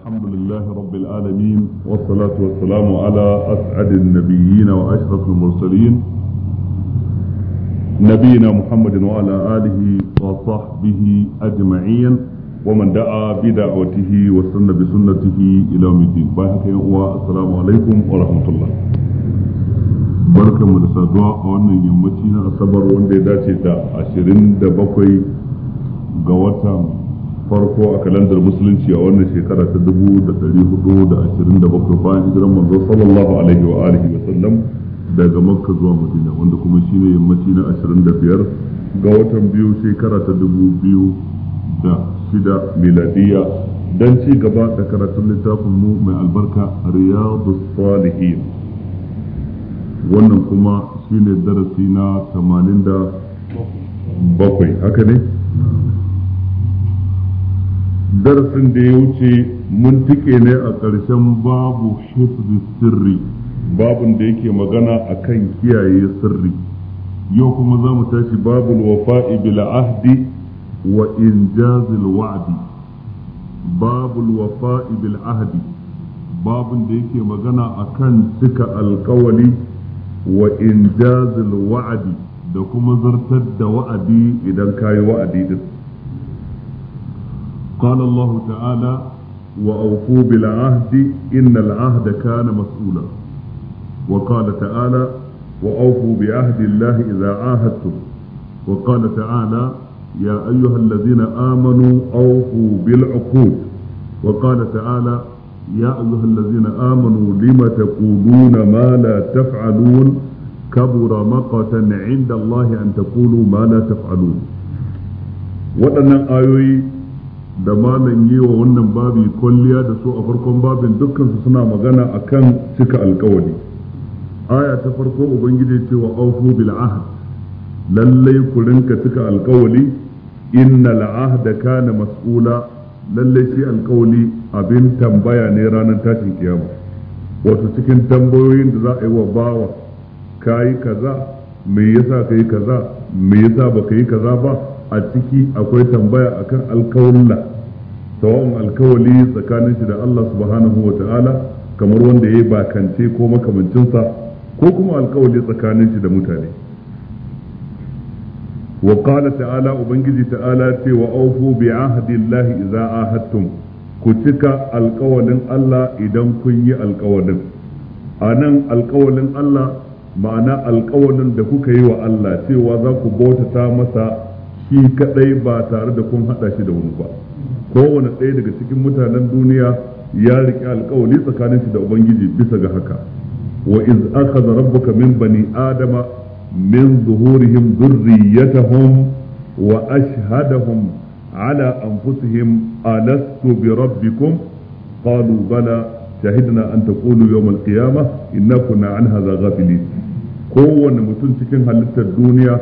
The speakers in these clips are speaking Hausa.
الحمد لله رب العالمين والصلاة والسلام على أسعد النبيين وأشرف المرسلين نبينا محمد وعلى آله وصحبه أجمعين ومن دعا بدعوته وسن بسنته إلى يوم الدين باهك السلام عليكم ورحمة الله barkan mu da saduwa a wannan yammaci na asabar wanda ya dace da 27 ga watan farko a kalandar musulunci a wannan shekara ta dubu da dari hudu da ashirin da bakwai bayan hijiran manzo sallallahu alaihi wa alihi wa sallam daga makka zuwa madina wanda kuma shi ne yammaci na ashirin da biyar ga watan biyu shekara ta dubu biyu da shida miladiya don ci gaba da karatun littafin mu mai albarka riyadu salihin wannan kuma shi ne darasi na tamanin da bakwai haka ne darasin da ya wuce mun tike ne a ƙarshen babu hifzi sirri babun da yake magana a kan kiyaye sirri yau kuma za mu tashi babul wafa'i bil ahdi wa injazil wa'di babul wafa'i bil ahdi babun da yake magana a kan cika alkawali wa injazil wa'di da kuma zartar da wa'adi idan kayi wa'adi din قال الله تعالى وأوفوا بالعهد إن العهد كان مسؤولا وقال تعالى وأوفوا بعهد الله إذا عاهدتم وقال تعالى يا أيها الذين آمنوا أوفوا بالعقود وقال تعالى يا أيها الذين آمنوا لم تقولون ما لا تفعلون كبر مقتا عند الله أن تقولوا ما لا تفعلون waɗannan ayoyi da malam yi wa wannan babi kwalliya da su a farkon babin dukkansu suna magana a kan cika alkawari aya ta farko ubangiji ce wa aufu bil lallai ku rinka cika alkawari da ahda kana mas'ula lallai shi alkawari abin tambaya ne ranar tashin kiyama Wasu cikin tambayoyin da za a yi wa bawa kayi kaza me yasa kai kaza me yasa baka yi kaza ba a ciki akwai tambaya akan alkawalla tawon alkawali tsakanin shi da Allah subhanahu wa ta'ala kamar wanda ya yi bakance ko makamancinsa ko kuma alkawali tsakanin shi da mutane wa qala ta'ala ubangiji ta'ala ce wa aufu bi za idza ahadtum ku cika alkawalin Allah idan kun yi alkawalin a nan alkawalin Allah ma'ana alkawalin da kuka yi wa Allah cewa za ku bautata masa shi kadai ba tare da kun hada shi da wani ba kowane ɗaya daga cikin mutanen duniya ya riƙe alƙawali tsakanin shi da ubangiji bisa ga haka wa iz akhadha rabbuka min bani adama min zuhurihim dhurriyyatahum wa ashhadahum ala anfusihim alastu bi rabbikum qalu bala shahidna an taqulu yawm al inna kunna an hadha ghafilin kowane mutum cikin halittar duniya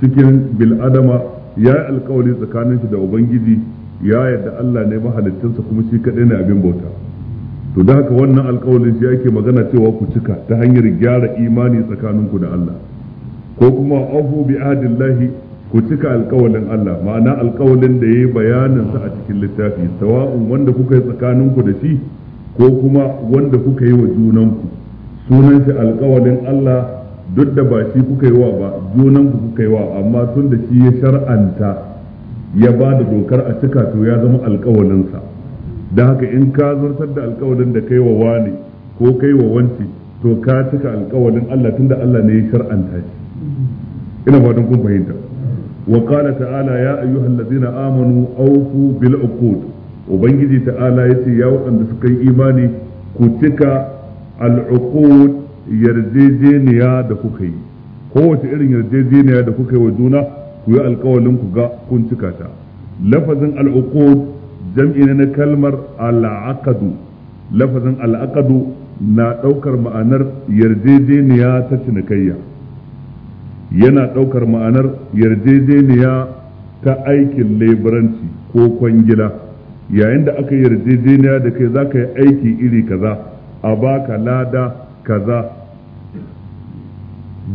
cikin bil'adama ya alkawari tsakanin shi da ubangiji ya yadda Allah ne mahalittinsa kuma shi kadai ne abin bauta to da haka wannan alkawalin shi yake magana cewa ku cika ta hanyar gyara imani tsakaninku da Allah ko kuma afu bi ahdillahi ku cika alkawalin Allah ma'ana alkawalin da yayi bayanin sa a cikin littafi sawa'un wanda kuka yi tsakanin ku da shi ko kuma wanda kuka yi wa junanku sunan shi alkawalin Allah duk da ba shi kuka yi wa ba junan ku kuka yi wa amma tun da shi ya shar'anta ya ba da dokar a cika to ya zama alkawalinsa da haka in ka zartar da alkawalin da kai wa wani ko kai wa wanci to ka cika alkawalin Allah tun da Allah ne ya shar'anta shi ina fatan kun fahimta wa qala ta'ala ya ladina amanu awfu bil uqud ubangiji ta'ala yace ya waɗanda suka yi imani ku cika al uqud yarjejeniya da kuka yi kowace irin yarjejeniya da kuka yi wa juna ku yi alkawalin ku ga kun cika ta lafazin al'uqud jam'i ne na kalmar al'aqadu lafazin al'aqadu na daukar ma'anar yarjejeniya ta cinikayya yana daukar ma'anar yarjejeniya ta aikin leburanci ko kwangila yayin da aka yarjejeniya da kai za ka yi aiki iri kaza a baka lada kaza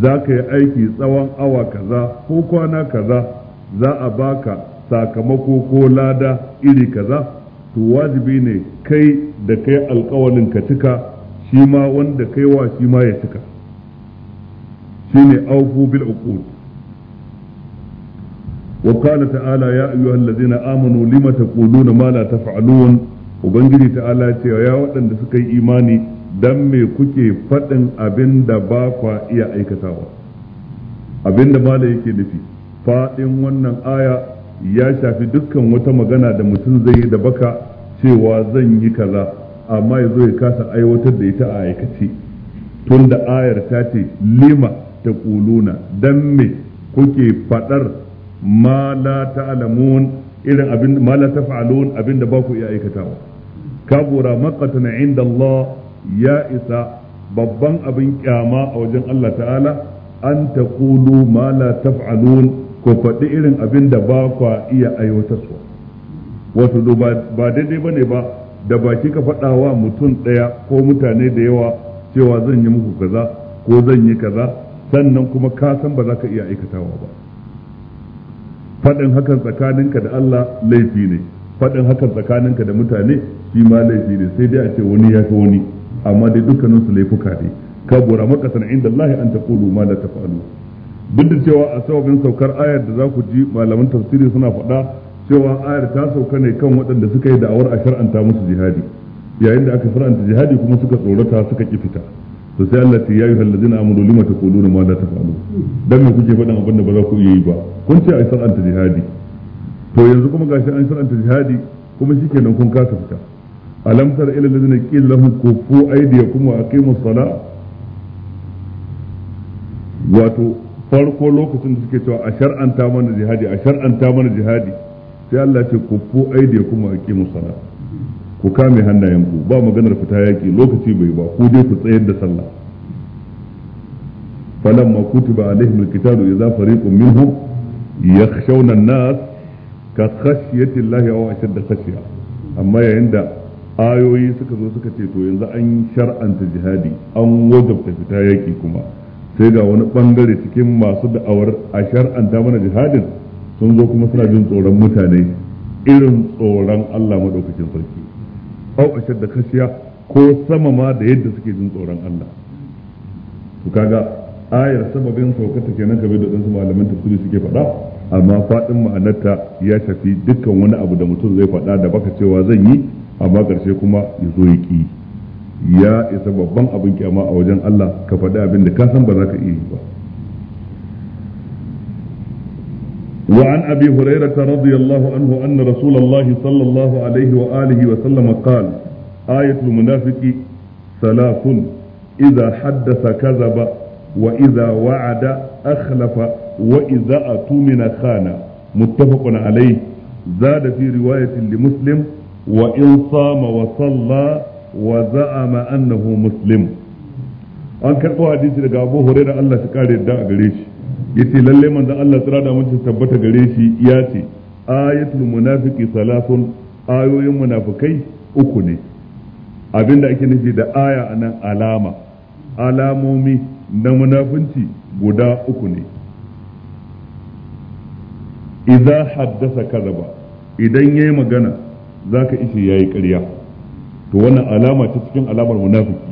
za ka yi aiki tsawon awa kaza ko kwana kaza za a baka sakamako ko lada iri kaza to wajibi ne kai da kai alkawalin ka cika shi ma wanda kai wa shi ma ya cika shi ne aufu bil uqud wa qala ta'ala ya ayyuhallazina amanu lima taquluna ma la taf'alun ubangiji ta'ala ce ya waɗanda suka yi imani dan me kuke faɗin abin da ba kwa iya aikatawa abin da mala yake nufi faɗin wannan aya ya shafi dukkan wata magana da mutum zai yi da baka cewa zan yi kaza amma ya ya kasa aiwatar da ita a aikace tun da ayar ta ce lima ta kuluna dan me kuke faɗar ma la ta'lamun irin abin ma la taf'alun abin da ba ku iya aikatawa kabura maqatan inda Allah ya isa babban abin kyama a wajen Allah ta'ala an ta kulu ma la taf'alun ko faɗi irin abin da ba kwa iya aiwatarwa wato ba daidai bane ba da baki ka faɗa wa mutum ɗaya ko mutane da yawa cewa zan yi muku kaza ko zan yi kaza sannan kuma ka san ba za ka iya aikatawa ba faɗin hakan tsakaninka da Allah laifi ne faɗin hakan tsakaninka da mutane shi ma laifi ne sai dai a ce wani ya fi wani amma dai dukkanin su laifuka ne maka makasan inda Allah an taqulu ma la taf'alu duk da cewa a sababin saukar ayar da za ku ji malaman tafsiri suna faɗa cewa ayar ta sauka ne kan waɗanda suka yi da'awar a shar'anta musu jihadi yayin da aka shar'anta jihadi kuma suka tsorata suka ki fita to sai Allah ya yi halladina amanu lima taquluna ma la taf'alu dan me kuke faɗin abin da ba za ku iya yi ba kun ce a shar'anta jihadi to yanzu kuma gashi an shar'anta jihadi kuma shi shikenan kun kasa fita alam tara ila ladina qila lahum kufu aydiyakum wa aqimus sala wato farko lokacin da suke cewa a shar'anta mana jihadi a shar'anta mana jihadi sai Allah ce kufu aydiyakum wa aqimus sala ku kame hannayenku ba maganar fita yaki lokaci bai ba ku dai ku tsayar da sallah alkitabu كتب fariqun القتال yakhshawna an-nas ka khashyati llahi aw ashadda khashya amma yayin da. ayoyi suka zo suka ce to yanzu an shar'anta jihadi an wajabta fita yaki kuma sai ga wani bangare cikin masu da'awar a shar'anta mana jihadin sun zo kuma suna jin tsoron mutane irin tsoron Allah madaukakin sarki au a shadda kashiya ko sama ma da yadda suke jin tsoron Allah to kaga ayar sababin saukata kenan kabe da ɗansu malaman tafsiri suke faɗa amma faɗin ma'anarta ya shafi dukkan wani abu da mutum zai faɗa da baka cewa zan yi amma ƙarshe kuma ya zo ya ƙi ya isa babban abin kyama a wajen Allah ka faɗi abin da ka san ba ka iya ba wa'an an abi hurayra ta radiyallahu anhu anna rasulullahi alaihi wa wa sallam qal ayatul munafiqi salafun idza haddatha kazaba wa idza wa'ada akhlafa wa idza atumina khana muttafaqun alaihi zada fi riwayatin li muslim wa in sama wa salla wa za'ama annahu muslim an karɓo hadisi daga Abu da Allah ta kare yadda a gare shi yace lalle manzan Allah tsira da mutum tabbata gare shi ya ce ayatul munafiqi salasun ayoyin munafikai uku ne abinda ake nufi da aya anan alama alamomi na munafunci guda uku ne idza haddasa kadaba idan yayi magana za ka ishe ya yi ƙarya to wannan alama ta cikin alamar munafiki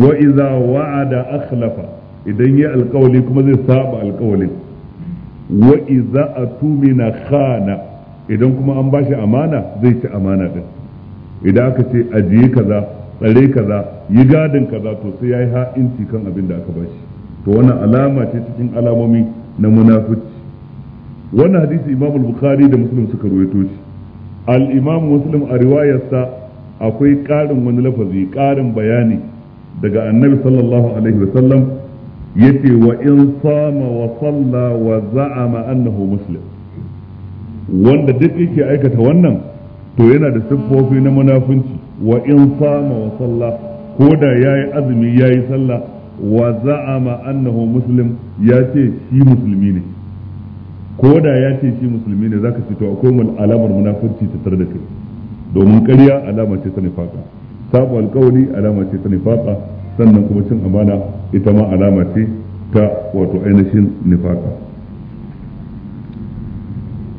wa iza wa'ada akhlafa idan ya alkawali kuma zai saba alkawalin wa iza atumina khana idan kuma an bashi amana zai ci amana din idan aka ce ajiye kaza tsare kaza yi gadin kaza to sai yayi ha'inci kan abin da aka bashi to wannan alama ce cikin alamomi na munafiki wannan hadisi Imam Bukhari da Muslim suka ruwaito shi al-imam muslim a riwayarsa akwai ƙarin wani lafazi ƙarin bayani daga annabi sallallahu alaihi wasallam yace wa in sama wa salla wa za'ama annahu muslim wanda duk yake aikata wannan to yana da siffofi na munafunci wa in sama wa salla ko da yayi azumi yayi salla wa za'ama annahu muslim yace shi musulmi ne ko da ya ce shi musulmi ne zaka ce to akwai mun alamar munafurci ta tare da kai domin ƙarya alama ce ta nifaka sabo alƙawari alama ce ta nifaka sannan kuma cin amana ita ma alama ce ta wato ainihin nifaka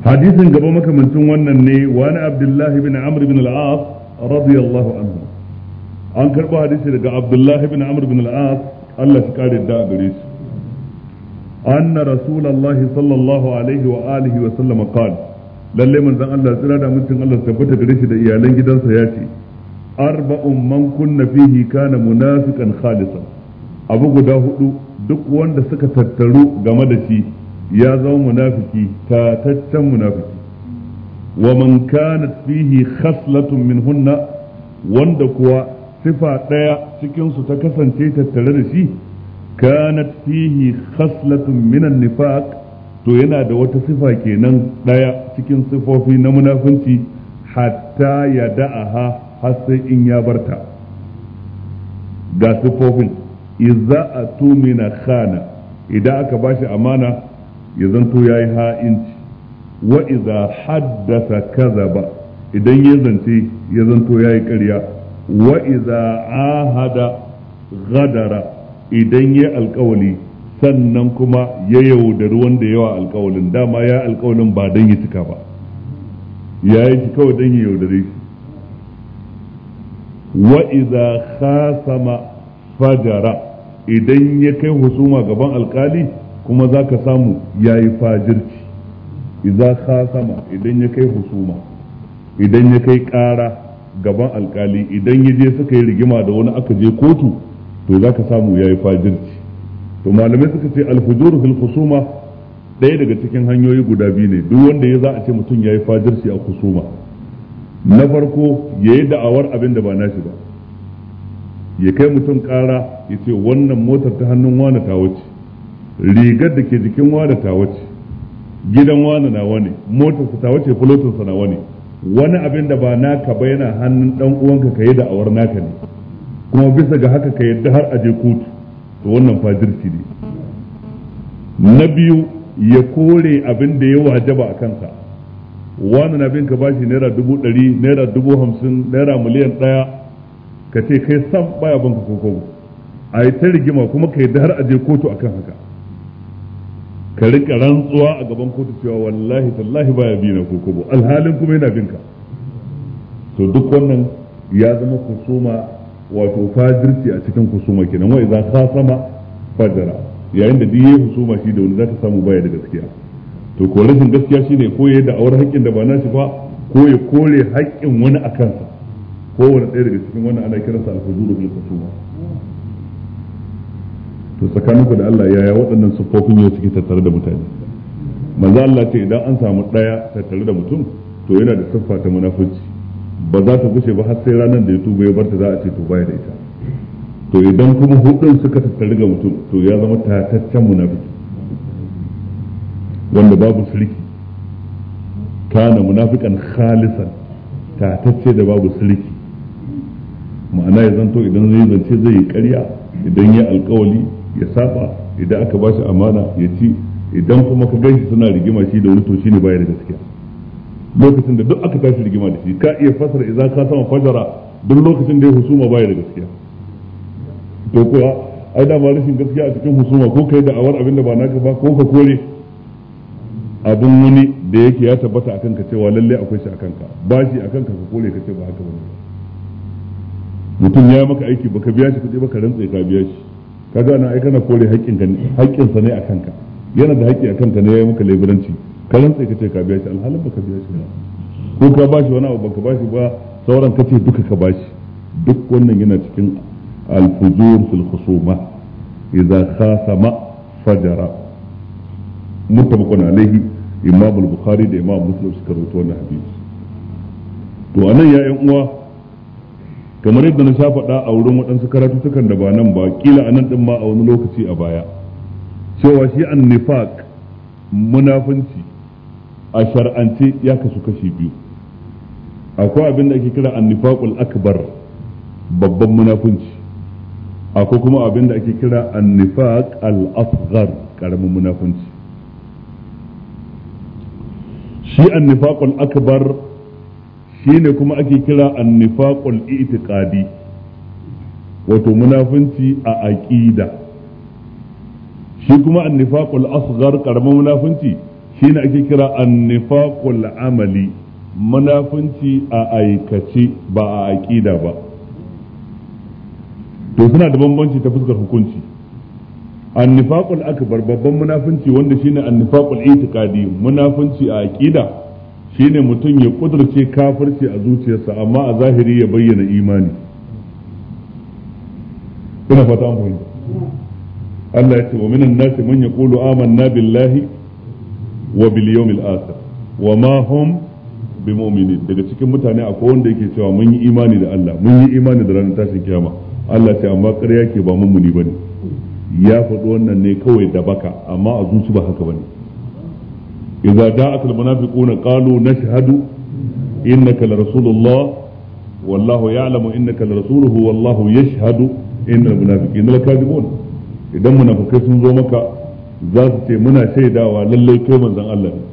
hadisin gaba makamancin wannan ne wani abdullahi bin amr bin al-as radiyallahu anhu an karɓo hadisi daga abdullahi bin amr bin al-as Allah shi kare da gare shi anna rasulullahi sallallahu alaihi wa alihi wa sallama qala lalle manzon Allah tsira da mutun Allah tabbata gare shi da iyalan gidansa ya ce arba'un man kunna fihi kana munafiqan khalisan abu guda huɗu duk wanda suka tattaru game da shi ya zama munafiki tataccen munafiki wa man kanat fihi khaslatun minhunna wanda kuwa sifa ɗaya cikinsu ta kasance tattare da shi kanat fihi khaslatun minan nifaq to yana da wata sifa kenan daya cikin sifofi na munafunci hatta ya da'aha har sai in ya barta ga sifofin idza tumina khana idan aka bashi amana ya zanto yayi ha'inci wa idza haddasa kazaba idan ya zance ya zanto yayi ƙarya wa idza ahada ghadara idan ya alkawali sannan kuma ya yaudari wanda yawa alkawalin dama ya alkawalin ba don ya cika ba ya yi shi kawai don ya yaudare shi wa iza khasama fajara idan ya kai husuma gaban alkali kuma za ka samu ya yi fajirci iza khasama idan ya kai husuma idan ya kai kara gaban alkali idan ya je suka yi rigima da wani aka je kotu to za ka samu ya yi fajirci to malamai suka ce alfujur fil khusuma ɗaya daga cikin hanyoyi guda biyu ne duk wanda ya za a ce mutum ya yi fajirci a Kusuma. na farko ya yi da'awar abin da ba nashi ba ya kai mutum ƙara ya ce wannan motar ta hannun wane ta wuce rigar da ke jikin wane ta wuce gidan wane na wane motarsa ta wuce fulotinsa na wane wani abin da ba naka ba yana hannun ɗan uwanka ka yi da'awar naka ne kuma bisa ga haka ka yadda har aje kotu to wannan fajirci ne na biyu ya kore abin da ya wajaba a kansa wani na ka bashi naira dubu ɗari naira dubu hamsin naira miliyan ɗaya ka ce kai sam baya banka ko a yi ta rigima kuma ka yadda har aje kotu akan haka ka rika rantsuwa a gaban kotu cewa wallahi tallahi baya biyu na kokobo alhalin kuma yana binka to duk wannan ya zama kusuma wato fajirci a cikin husuma kenan wa ka sama fajara yayin da duk yayi husuma shi da wani zaka samu baya da gaskiya to ko rashin gaskiya shine ko ya da aure haƙƙin da ba nashi ba ko ya kore haƙƙin wani a kansa ko wani ɗaya daga cikin wannan ana kiransa al-fujuru bil kusuma to tsakaninku da Allah yaya waɗannan siffofin ya suke tattare da mutane manzo Allah ce idan an samu ɗaya tattare da mutum to yana da siffa ta munafici ba za ta gushe ba har sai ranar da ya tuba ya barta za a ce to baya da ita to idan kuma hudun suka tattari ga mutum to ya zama tataccen munafiki wanda babu sulki kana munafikan khalisan tatacce da babu sulki ma'ana ya zanto idan zai zance zai yi karya idan ya alkawali ya saba idan aka ba shi amana ya ci idan kuma ka gaishe suna rigima shi da wani to shine baya da gaskiya lokacin da duk aka tashi rigima da shi ka iya fasara idza ka sama fajara duk lokacin da ya husuma baya da gaskiya to kuwa ai da ma rashin gaskiya a cikin husuma ko kai da awar abin da ba naka ba ko ka kore abin wani da yake ya tabbata akan ka cewa lalle akwai shi akan ka ba shi akan ka ka kore ka ce ba haka bane mutum ya maka aiki baka biya shi kuɗi baka rantsa ka biya shi kaga nan ai kana kore haƙƙin ka haƙƙin sa ne akan ka yana da haƙƙi akan ka ne ya maka laibiranci ka rantsa ka ce ka biya shi alhalin ka biya shi ba ko ka bashi wani abu baka bashi ba sauran ka ce duka ka bashi duk wannan yana cikin alfujur fil khusuma idza khasama fajara muttafaqun alaihi imam al-bukhari da imam muslim suka rawaito wannan hadisi to anan ya yan uwa kamar yadda na sha faɗa a wurin waɗansu karatu karatutukan da ba nan ba kila anan din ma a wani lokaci a baya cewa shi an nifaq munafunci a shar'ance ya kasu kashi biyu akwai abin da ake kira annifaqul akbar babban munafunci akwai kuma abin da ake kira annifaq al asghar karamin munafunci shi annifaqul akbar shine kuma ake kira annifaqul i'tiqadi wato munafunci a aqida shi kuma annifaqul asghar karamin munafunci shine ake kira annifaqul amali munafunci a aikace ba a aƙida ba to suna da bambanci ta fuskar hukunci annifaqul akbar babban munafunci wanda shine annifaqul itiqadi munafunci a aqida shine mutum ya kudurce kafirci a zuciyarsa amma a zahiri ya bayyana imani ina fata an fahimta Allah ya ce wa minan nasi man yaqulu amanna billahi wa bil yawmil akhir wa ma hum bimu'minin daga cikin mutane akwai wanda yake cewa mun yi imani da Allah mun yi imani da ranar tashin kiyama Allah ce amma ƙarya ke ba mummuni bane ya faɗi wannan ne kawai da baka amma a zuci ba haka bane idza da'atul munafiquna qalu nashhadu innaka larasulullah wallahu ya'lamu innaka larasuluhu wallahu yashhadu innal munafiqina lakadibun idan munafikai sun zo maka za su ce muna shaidawa lallai kai manzon Allah ne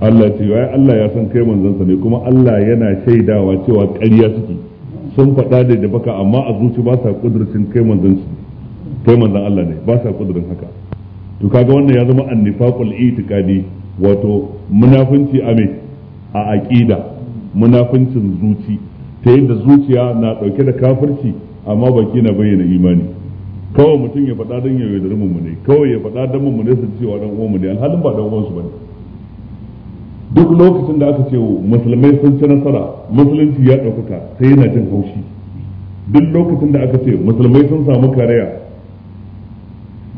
Allah ce wai Allah ya san kai sa ne kuma Allah yana shaidawa cewa ƙarya suke sun faɗa da da baka amma a zuci ba sa kudurcin kai su kai manzan Allah ne ba sa kudurin haka to kaga wannan ya zama annifaqul itiqadi wato munafunci a a aqida munafuncin zuci ta yadda zuciya na dauke da kafirci amma baki na bayyana imani kawai mutum ya faɗa don ya rumunmu ne kawai ya faɗa don mummune su cewa wa uwan ne alhalin ba don uwansu ne duk lokacin da aka ce musulmai sun ci nasara musulunci ya ɗaukaka sai yana jin haushi duk lokacin da aka ce musulmai sun samu kariya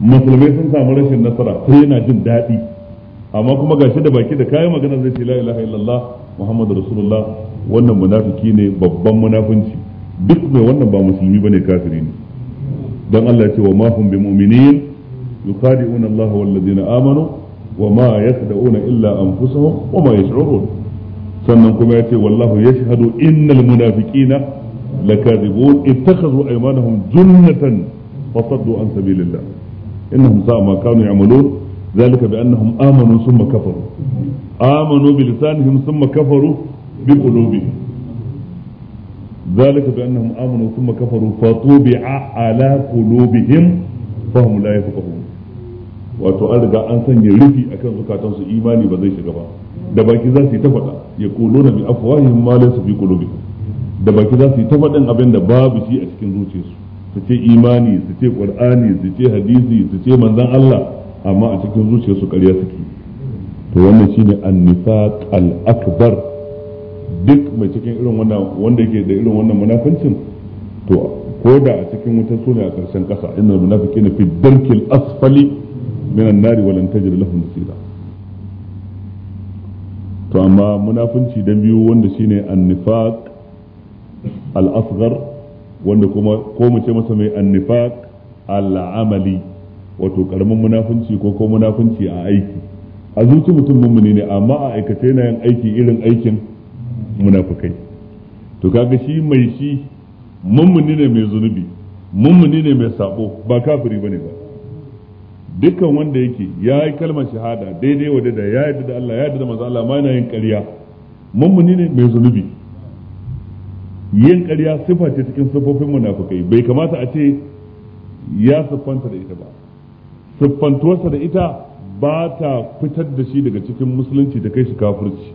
musulmai sun samu rashin nasara sai yana jin daɗi amma kuma gashi da baki da kayan magana zai ce la ilaha illallah muhammadu rasulullah wannan munafiki ne babban munafunci duk mai wannan ba musulmi bane kafiri ne dan Allah ce wa ma hum bimu'minin yukhadi'una Allah wal ladina amanu wa ma yakhda'una illa anfusahum wa ma yash'urun sannan kuma yace wallahu yashhadu innal munafiqina lakadibun ittakhadhu aymanahum junnatan fasaddu an sabilillah innahum sa'a ma kanu ya'malun ذلك بأنهم آمنوا ثم كفروا آمنوا بلسانهم ثم كفروا بقلوبهم zalika bi annahum amanu thumma kafaru fa tubi'a ala qulubihim fa wato an riga an sanya rufi akan zukatan su imani ba zai shiga ba da baki za su yi ta faɗa ya kuluna bi afwahihim ma laysa fi qulubihim da baki za su yi ta faɗin abin da babu shi a cikin zuciyarsu su ce imani su ce ƙur'ani su ce hadisi su ce manzon Allah amma a cikin zuciyarsu ƙarya suke to wannan shine an-nifaq al-akbar duk mai cikin irin wannan wanda yake da irin wannan munafincin to ko da a cikin wuta sune a ƙarshen ƙasa inna munafiqina fi darkil asfali minan nari lan tajid lahum nasira to amma munafunci dan biyu wanda shine an-nifaq al-asghar wanda kuma ko mu ce masa mai an-nifaq al-amali wato karamin munafunci ko ko munafunci a aiki a zuci mutum mummuni ne amma a aikace na yin aiki irin aikin munafukai to kaga shi mai shi mummuni ne mai zunubi mummuni ne mai sabo ba kafiri bane ba dukkan wanda yake ya yi kalmar shahada daidai wa da ya yarda da Allah ya yarda da manzo Allah ma yana yin ƙarya mummuni ne mai zunubi yin ƙarya sifa ce cikin sifofin munafukai bai kamata a ce ya siffanta da ita ba siffantuwarsa da ita ba ta fitar da shi daga cikin musulunci da kai shi kafirci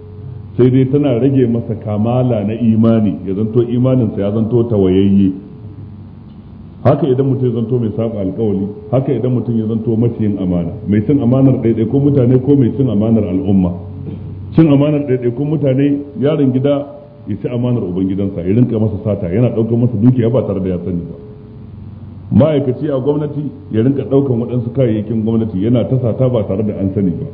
sai dai tana rage masa kamala na imani ya zanto imaninsa ya zanto tawayayye haka idan mutum ya zanto mai saba alkawali haka idan mutum ya zanto maciyin amana mai cin amanar ko mutane ko mai cin amanar al'umma cin amanar ko mutane yaron gida ya ci amanar ubangidansa ya rinka masa sata yana ɗaukar masa dukiya ba tare da ya sani ba ma'aikaci a gwamnati ya rinka ɗaukar waɗansu kayayyakin gwamnati yana ta sata ba tare da an sani ba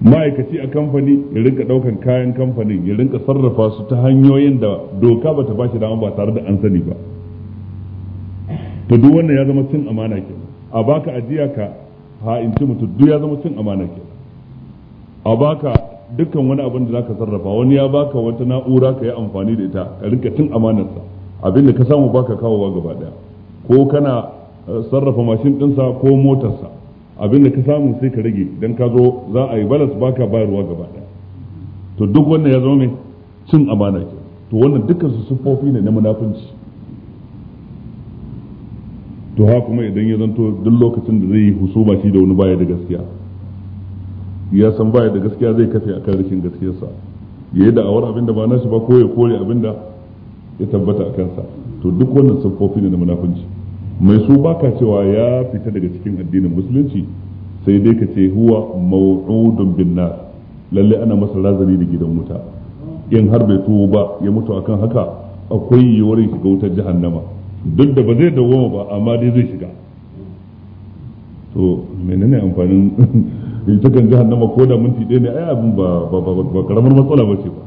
ma'aikaci a kamfani ya rinka daukan kayan kamfanin ya rinka sarrafa su ta hanyoyin da doka bata ba shi dama ba tare da an sani ba to duk wannan ya zama cin amana ke a baka ajiya ka ha in ci mutum duk ya zama cin amana ke a baka dukkan wani abin da zaka sarrafa wani ya baka wata na'ura ka yi amfani da ita ka rinka cin amanarsa abin da ka samu baka kawowa gaba daya ko kana eh, sarrafa mashin ɗinsa ko motarsa abin da ka samu sai ka rage don ka zo za a yi balas baka bayarwa gaba to duk wannan ya zama mai cin amana ke to wannan dukkan su siffofi ne na munafunci to ha kuma idan ya zanto duk lokacin da zai yi husuma shi da wani baya da gaskiya ya san baya da gaskiya zai kafe a kan rikin gaskiyarsa ya yi da'awar abin da ba nashi ba ko ya kore abin da ya tabbata a kansa to duk wannan siffofi ne na munafunci mai su baka cewa ya fita daga cikin addinin musulunci sai dai ka ce huwa maw'udun bin nar lalle ana masa razani da gidan wuta in har bai tuwo ba ya mutu akan haka akwai yiwuwar shiga wutar jahannama duk da ba zai dawoma ba amma dai zai shiga to menene amfanin ita kan jahannama ko da minti ɗaya ne ai abin ba ba karamar matsala ba ce ba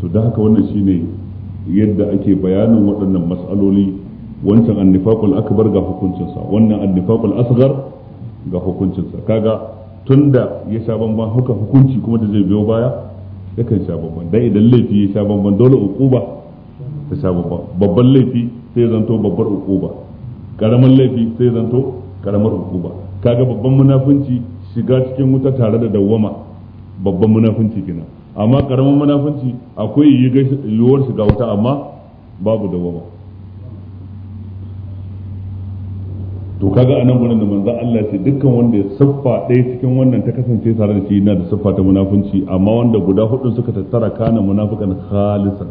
to da haka wannan shine yadda ake bayanin waɗannan mas'aloli wancan annifakul akbar ga hukuncinsa wannan annifakul asgar ga hukuncinsa kaga tun da ya sha bamban haka hukunci kuma da zai biyo baya kan sha bamban dan idan laifi ya sha bamban dole uquba ta sha bamban babban laifi sai zanto babbar uquba karamar laifi sai zanto karamar uquba kaga babban munafunci shiga cikin wuta tare da dawwama babban munafunci kenan amma karamin munafunci akwai yiwuwar shiga wuta amma babu dawama to kaga anan gurin da manzo Allah ce dukkan wanda ya siffa ɗaya cikin wannan ta kasance tare da shi yana da siffa ta munafunci amma wanda guda hudun suka tattara kana munafiqan khalisan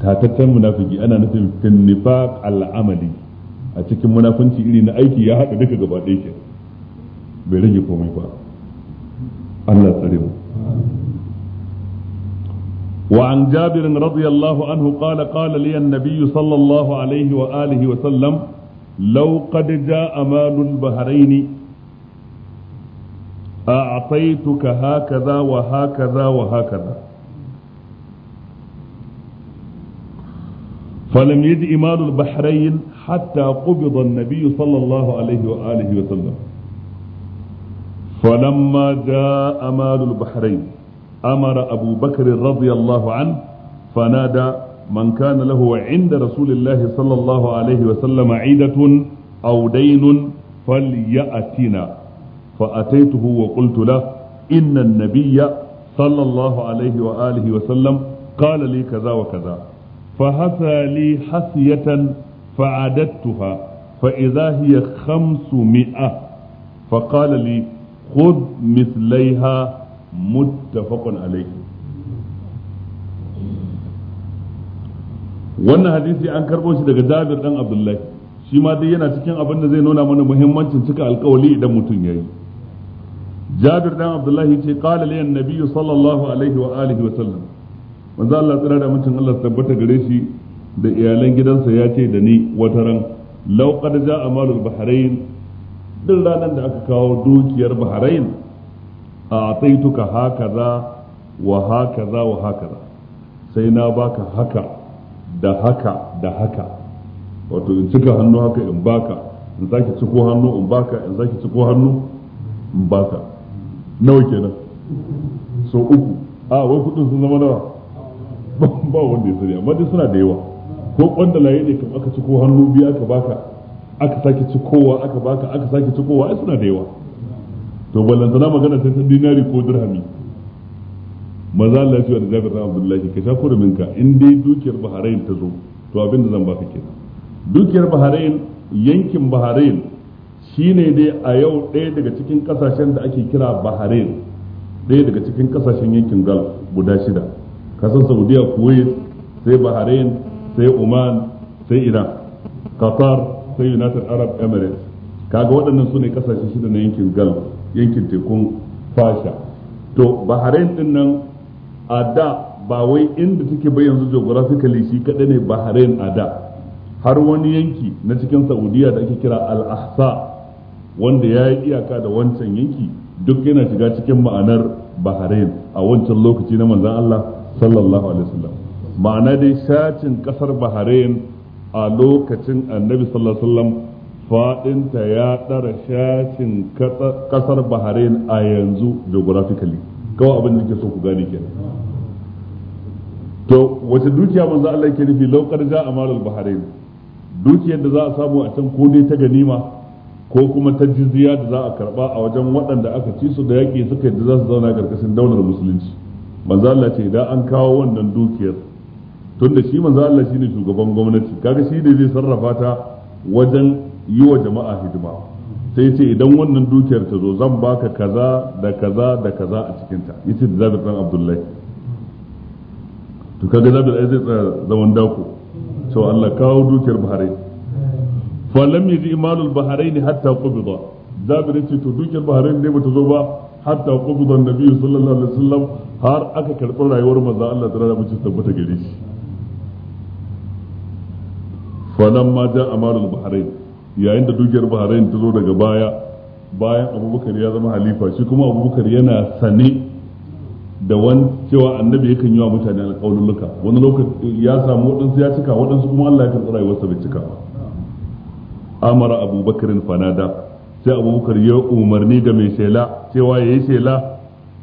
tatattan munafiki ana nufin finnifa nifaq al'amali a cikin munafunci iri na aiki ya haɗa duka gaba ɗaya bai rage komai ba Allah tsare mu وعن جابر رضي الله عنه قال قال لي النبي صلى الله عليه وآله وسلم لو قد جاء مال البحرين أعطيتك هكذا وهكذا وهكذا فلم يجئ مال البحرين حتى قبض النبي صلى الله عليه وآله وسلم فلما جاء مال البحرين امر ابو بكر رضي الله عنه فنادى من كان له عند رسول الله صلى الله عليه وسلم عيدة او دين فليأتنا فأتيته وقلت له إن النبي صلى الله عليه وآله وسلم قال لي كذا وكذا فحثى لي حثية فعددتها فإذا هي خمسمائة فقال لي خذ مثليها muttafaqun alayhi wannan hadisi an karbo shi daga Jabir dan Abdullahi shi ma dai yana cikin abin da zai nuna mana muhimmancin cika alkawali idan mutum yayi Jabir dan Abdullahi ce qala li annabi sallallahu alaihi wa alihi wa sallam manzo Allah tsara da mutum Allah tabbata gare shi da iyalan gidansa ya ce da ni wata ran qad jaa malul bahrain din ranar da aka kawo dukiyar bahrain a'taituka hakaza wa hakaza wa hakaza sai na baka haka da haka da haka wato in cika hannu haka in baka in zaki ciko hannu in baka in zaki ciko hannu in baka nawa kenan so uku a wai kudin sun zama nawa ba wanda ya sani amma dai suna da yawa ko laye ne kam aka ciko hannu biyu aka baka aka sake cikowa aka baka aka sake cikowa ai suna da yawa to ballantana magana sai san dinari ko dirhami maza Allah ya da Jabir bin ka sha minka in dai dukiyar Bahrain ta zo to abin da zan baka kenan dukiyar Bahrain yankin Bahrain shine dai a yau ɗaya daga cikin kasashen da ake kira Bahrain ɗaya daga cikin kasashen yankin Gulf guda shida kasar Saudiya Kuwait sai Bahrain sai Oman sai Iran Qatar sai United Arab Emirates kaga waɗannan su ne kasashe shida na yankin Gulf yankin tekun fasha to bahrain din nan a da ba wai inda take ba yanzu geographically shi kada ne bahrain a da har wani yanki na cikin saudiya da ake kira al-ahsa wanda ya yi iyaka da wancan yanki duk yana shiga cikin ma'anar bahrain a wancan lokaci na manzan allah sallallahu alaihi wasallam ma'ana dai shacin kasar bahrain a lokacin annabi sallallahu alaihi wasallam faɗinta ya ɗara shashin ƙasar bahrain a yanzu geographically kawai abin da ke so ku gane kenan to wace dukiya manzo Allah yake nufi laukar ja amalul bahrain dukiyar da za a samu a can ko dai ta ganima ko kuma ta jizziya da za a karba a wajen waɗanda aka ci su da yaƙi suka yadda za su zauna karkashin daular musulunci manzo Allah ce idan an kawo wannan dukiyar tunda shi manzo Allah shine shugaban gwamnati kaga shi ne zai sarrafa ta wajen yi wa jama'a hidima sai ce idan wannan dukiyar ta zo zan baka kaza da kaza da kaza a cikinta ya ce da Jabir dan Abdullahi to kaga Jabir ai zai tsaya zaman dako cewa Allah kawo dukiyar Bahrain fa lam yaji imalul Bahrain hatta qubida Jabir yace to dukiyar Bahrain ne bata zo ba hatta qubida annabi sallallahu alaihi wasallam har aka karɓi rayuwar manzo Allah ta rada tabbata gare shi falamma ja amalul Bahrain yayin da dukiyar bahrain ta zo daga baya bayan abubakar ya zama halifa shi kuma abubakar yana sane da wani cewa annabi yakan yi wa mutane luka wani lokaci ya samu waɗansu ya cika waɗansu kuma Allah ya karɓi rayuwarsa bai cika ba amara abubakarin fanada sai abubakar ya umarni ga mai shela cewa ya yi shela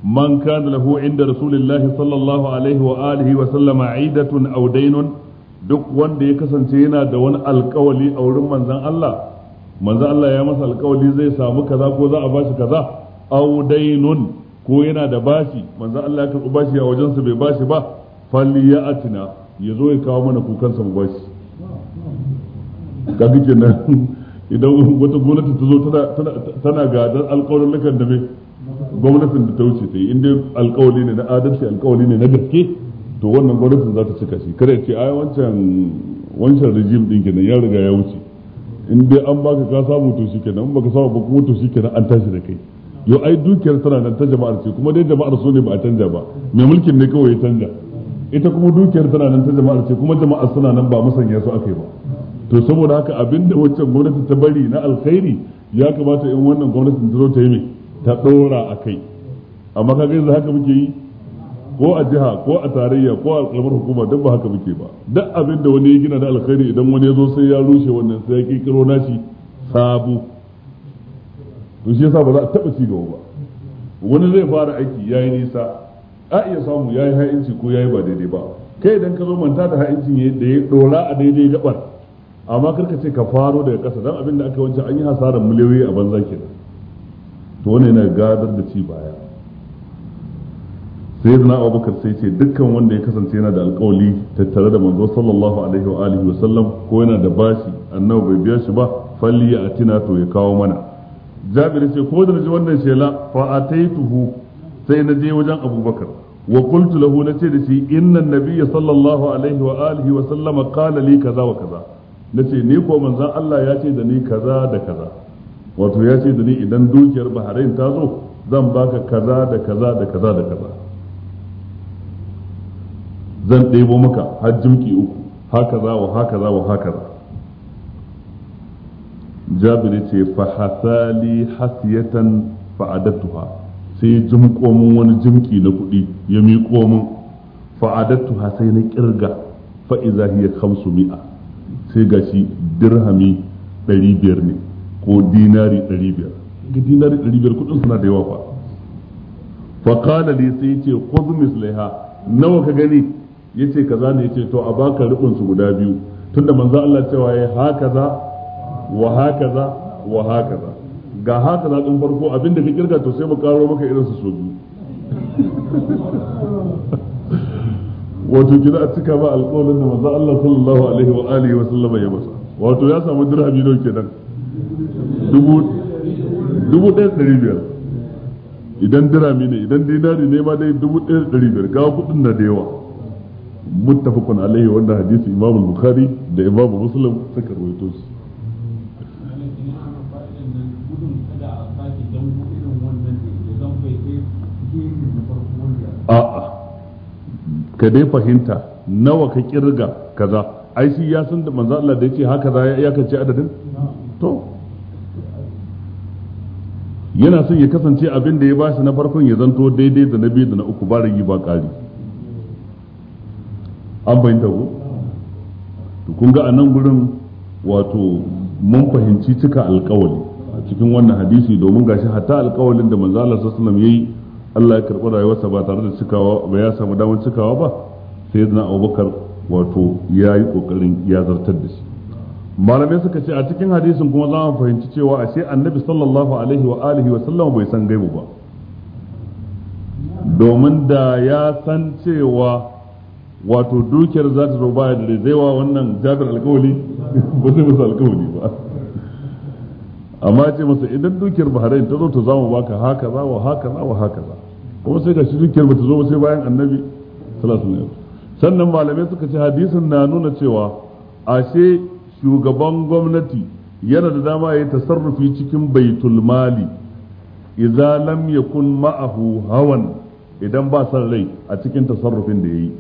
man kana lahu inda rasulillahi sallallahu alaihi wa alihi wa sallama aidatun aw daynun duk wanda ya kasance yana da wani alkawali a wurin manzan Allah manzan Allah ya masa alkawali zai samu kaza ko za a bashi kaza Audainun. ko yana da bashi manzan Allah ya karɓi bashi a wajensa bai bashi ba falli ya atina ya zo ya kawo mana kukansa mu bashi kaga nan idan wata gwamnati ta zo tana gadar alkawalin da mai gwamnatin da ta wuce ta yi inda alkawali ne na adalci alkawali ne na gaske to wannan gwamnatin za ta cika shi kada ce ai wancan wancan rijim din kenan ya riga ya wuce in dai an baka ka samu to shi kenan in baka samu ba kuma to shi kenan an tashi da kai yau ai dukiyar tana nan ta jama'ar ce kuma dai jama'ar su ne ba a canja ba mai mulkin ne kawai ya canja ita kuma dukiyar tana nan ta jama'ar ce kuma jama'ar suna nan ba musanya su aka yi ba to saboda haka abinda wancan gwamnati ta bari na alkhairi ya kamata in wannan gwamnatin ta zo ta yi mai ta dora a kai amma kaga yanzu haka muke yi ko a jiha ko a tarayya ko a kalmar hukuma duk ba haka muke ba duk abin da wani ya gina da alkhairi idan wani ya zo sai ya rushe wannan sai ya kikiro nashi sabu to shi yasa ba za a taba ci gaba ba wani zai fara aiki yayi nisa a iya samu yayi ha'inci ko yayi ba daidai ba kai idan ka zo manta da ha'incin da ya dora a daidai gabar amma kar ka ce ka faro daga ƙasa dan abin da aka wancan an yi hasarar miliyoyi a banza kenan to wannan yana gadar da ci baya sai zana Abubakar sai ce dukkan wanda ya kasance yana da alkawali tattare da manzo sallallahu alaihi wa alihi wasallam ko yana da bashi annabi bai biya shi ba falli ya atina to ya kawo mana jabir ce ko da naji wannan shela fa ataituhu sai na je wajen abubakar wa qultu lahu na ce da shi inna nabiyya sallallahu alaihi wa alihi wa sallama qala li kaza wa kaza Na ce ni ko manzon Allah ya ce da ni kaza da kaza wato ya ce da ni idan dukiyar Bahrain ta zo zan baka kaza da kaza da kaza da kaza zan ɗebo maka har jimki uku haka za wa haka za wa haka za Jabiru ce fa hasali hasiyatan fa'adattuha sai jimko min wani jimki na kuɗi ya miƙo min fa'adattuha sai na kirga fa iza hiya khamsu mi'a sai gashi dirhami ɗari biyar ne ko dinari ɗari biyar ga dinari ɗari biyar kuɗin suna da yawa fa fa qala li sai ce khudh mislaha nawa ka gani Ya ce kaza ne ce to a baka rubun guda biyu tunda manzo Allah cewa ya za, wa za, wa za. ga za din farko abinda ka kirga to sai mu karo maka irin su biyu wato kina a cika ba alƙawarin da manzo Allah sallallahu alaihi wa alihi wa sallam ya masa wato ya samu dirhami nawa kenan dubu dubu ɗaya ɗari biyar idan dirhami ne idan dinari ne ma dai dubu ɗaya ɗari biyar ga kuɗin na da yawa muttafaqun alaihi wanda hadisi Imam Bukhari da Imam Muslim suka rawaito shi a'a ka dai fahimta nawa ka kirga kaza ai shi ya san da manzo Allah da yace haka za ya kace adadin to yana son ya kasance abin da ya bashi na farkon ya zanto daidai da na biyu da na uku ba rigi ba ƙari an bayyana ku to kun ga anan gurin wato mun fahimci cika alkawali a cikin wannan hadisi domin gashi hatta alkawalin da manzo Allah sallallahu alaihi yayi Allah ya karɓi rayuwarsa ba tare da cikawa ba ya samu damar cikawa ba sai na Abubakar wato ya yi kokarin ya zartar da shi malamai suka ce a cikin hadisin kuma za mu fahimci cewa ashe annabi sallallahu alaihi wa alihi wa sallam bai san gaibu ba domin da ya san cewa wato dukiyar za ta zo ba da zai wannan jabir alkawali ba zai musu alkawali ba amma ce masa idan dukiyar bahrain ta zo ta zamu baka haka za wa haka za wa haka za kuma sai ga shi dukiyar ba ta zo sai bayan annabi sallallahu alaihi sannan malamai suka ce hadisin na nuna cewa ashe shugaban gwamnati yana da dama ya yi tasarrufi cikin baitul mali idza lam yakun ma'ahu hawan idan ba san rai a cikin tasarrufin da yayi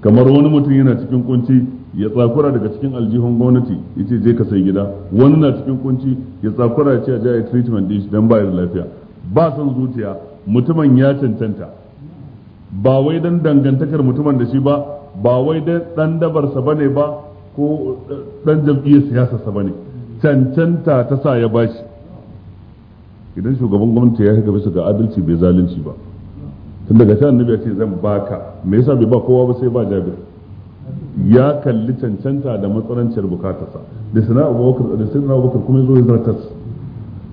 kamar wani mutum yana cikin kunci ya tsakura daga cikin aljihun gwamnati ya ce je ka sai gida wani na cikin kunci ya tsakura ya ce a yi treatment din shi don ba da lafiya ba son zuciya mutumin ya cancanta ba wai dan dangantakar mutumin da shi ba ba wai dan dan dabarsa bane ba ko dan jam'iyyar siyasarsa bane cancanta ta sa ya bashi idan shugaban gwamnati ya shiga bisa ga adalci bai zalunci ba tun daga shan annabi ya ce zan baka me yasa bai ba kowa ba sai ba jabir ya kalli cancanta da matsananciyar bukatarsa da sana abubakar da sana abubakar kuma zo ya zartas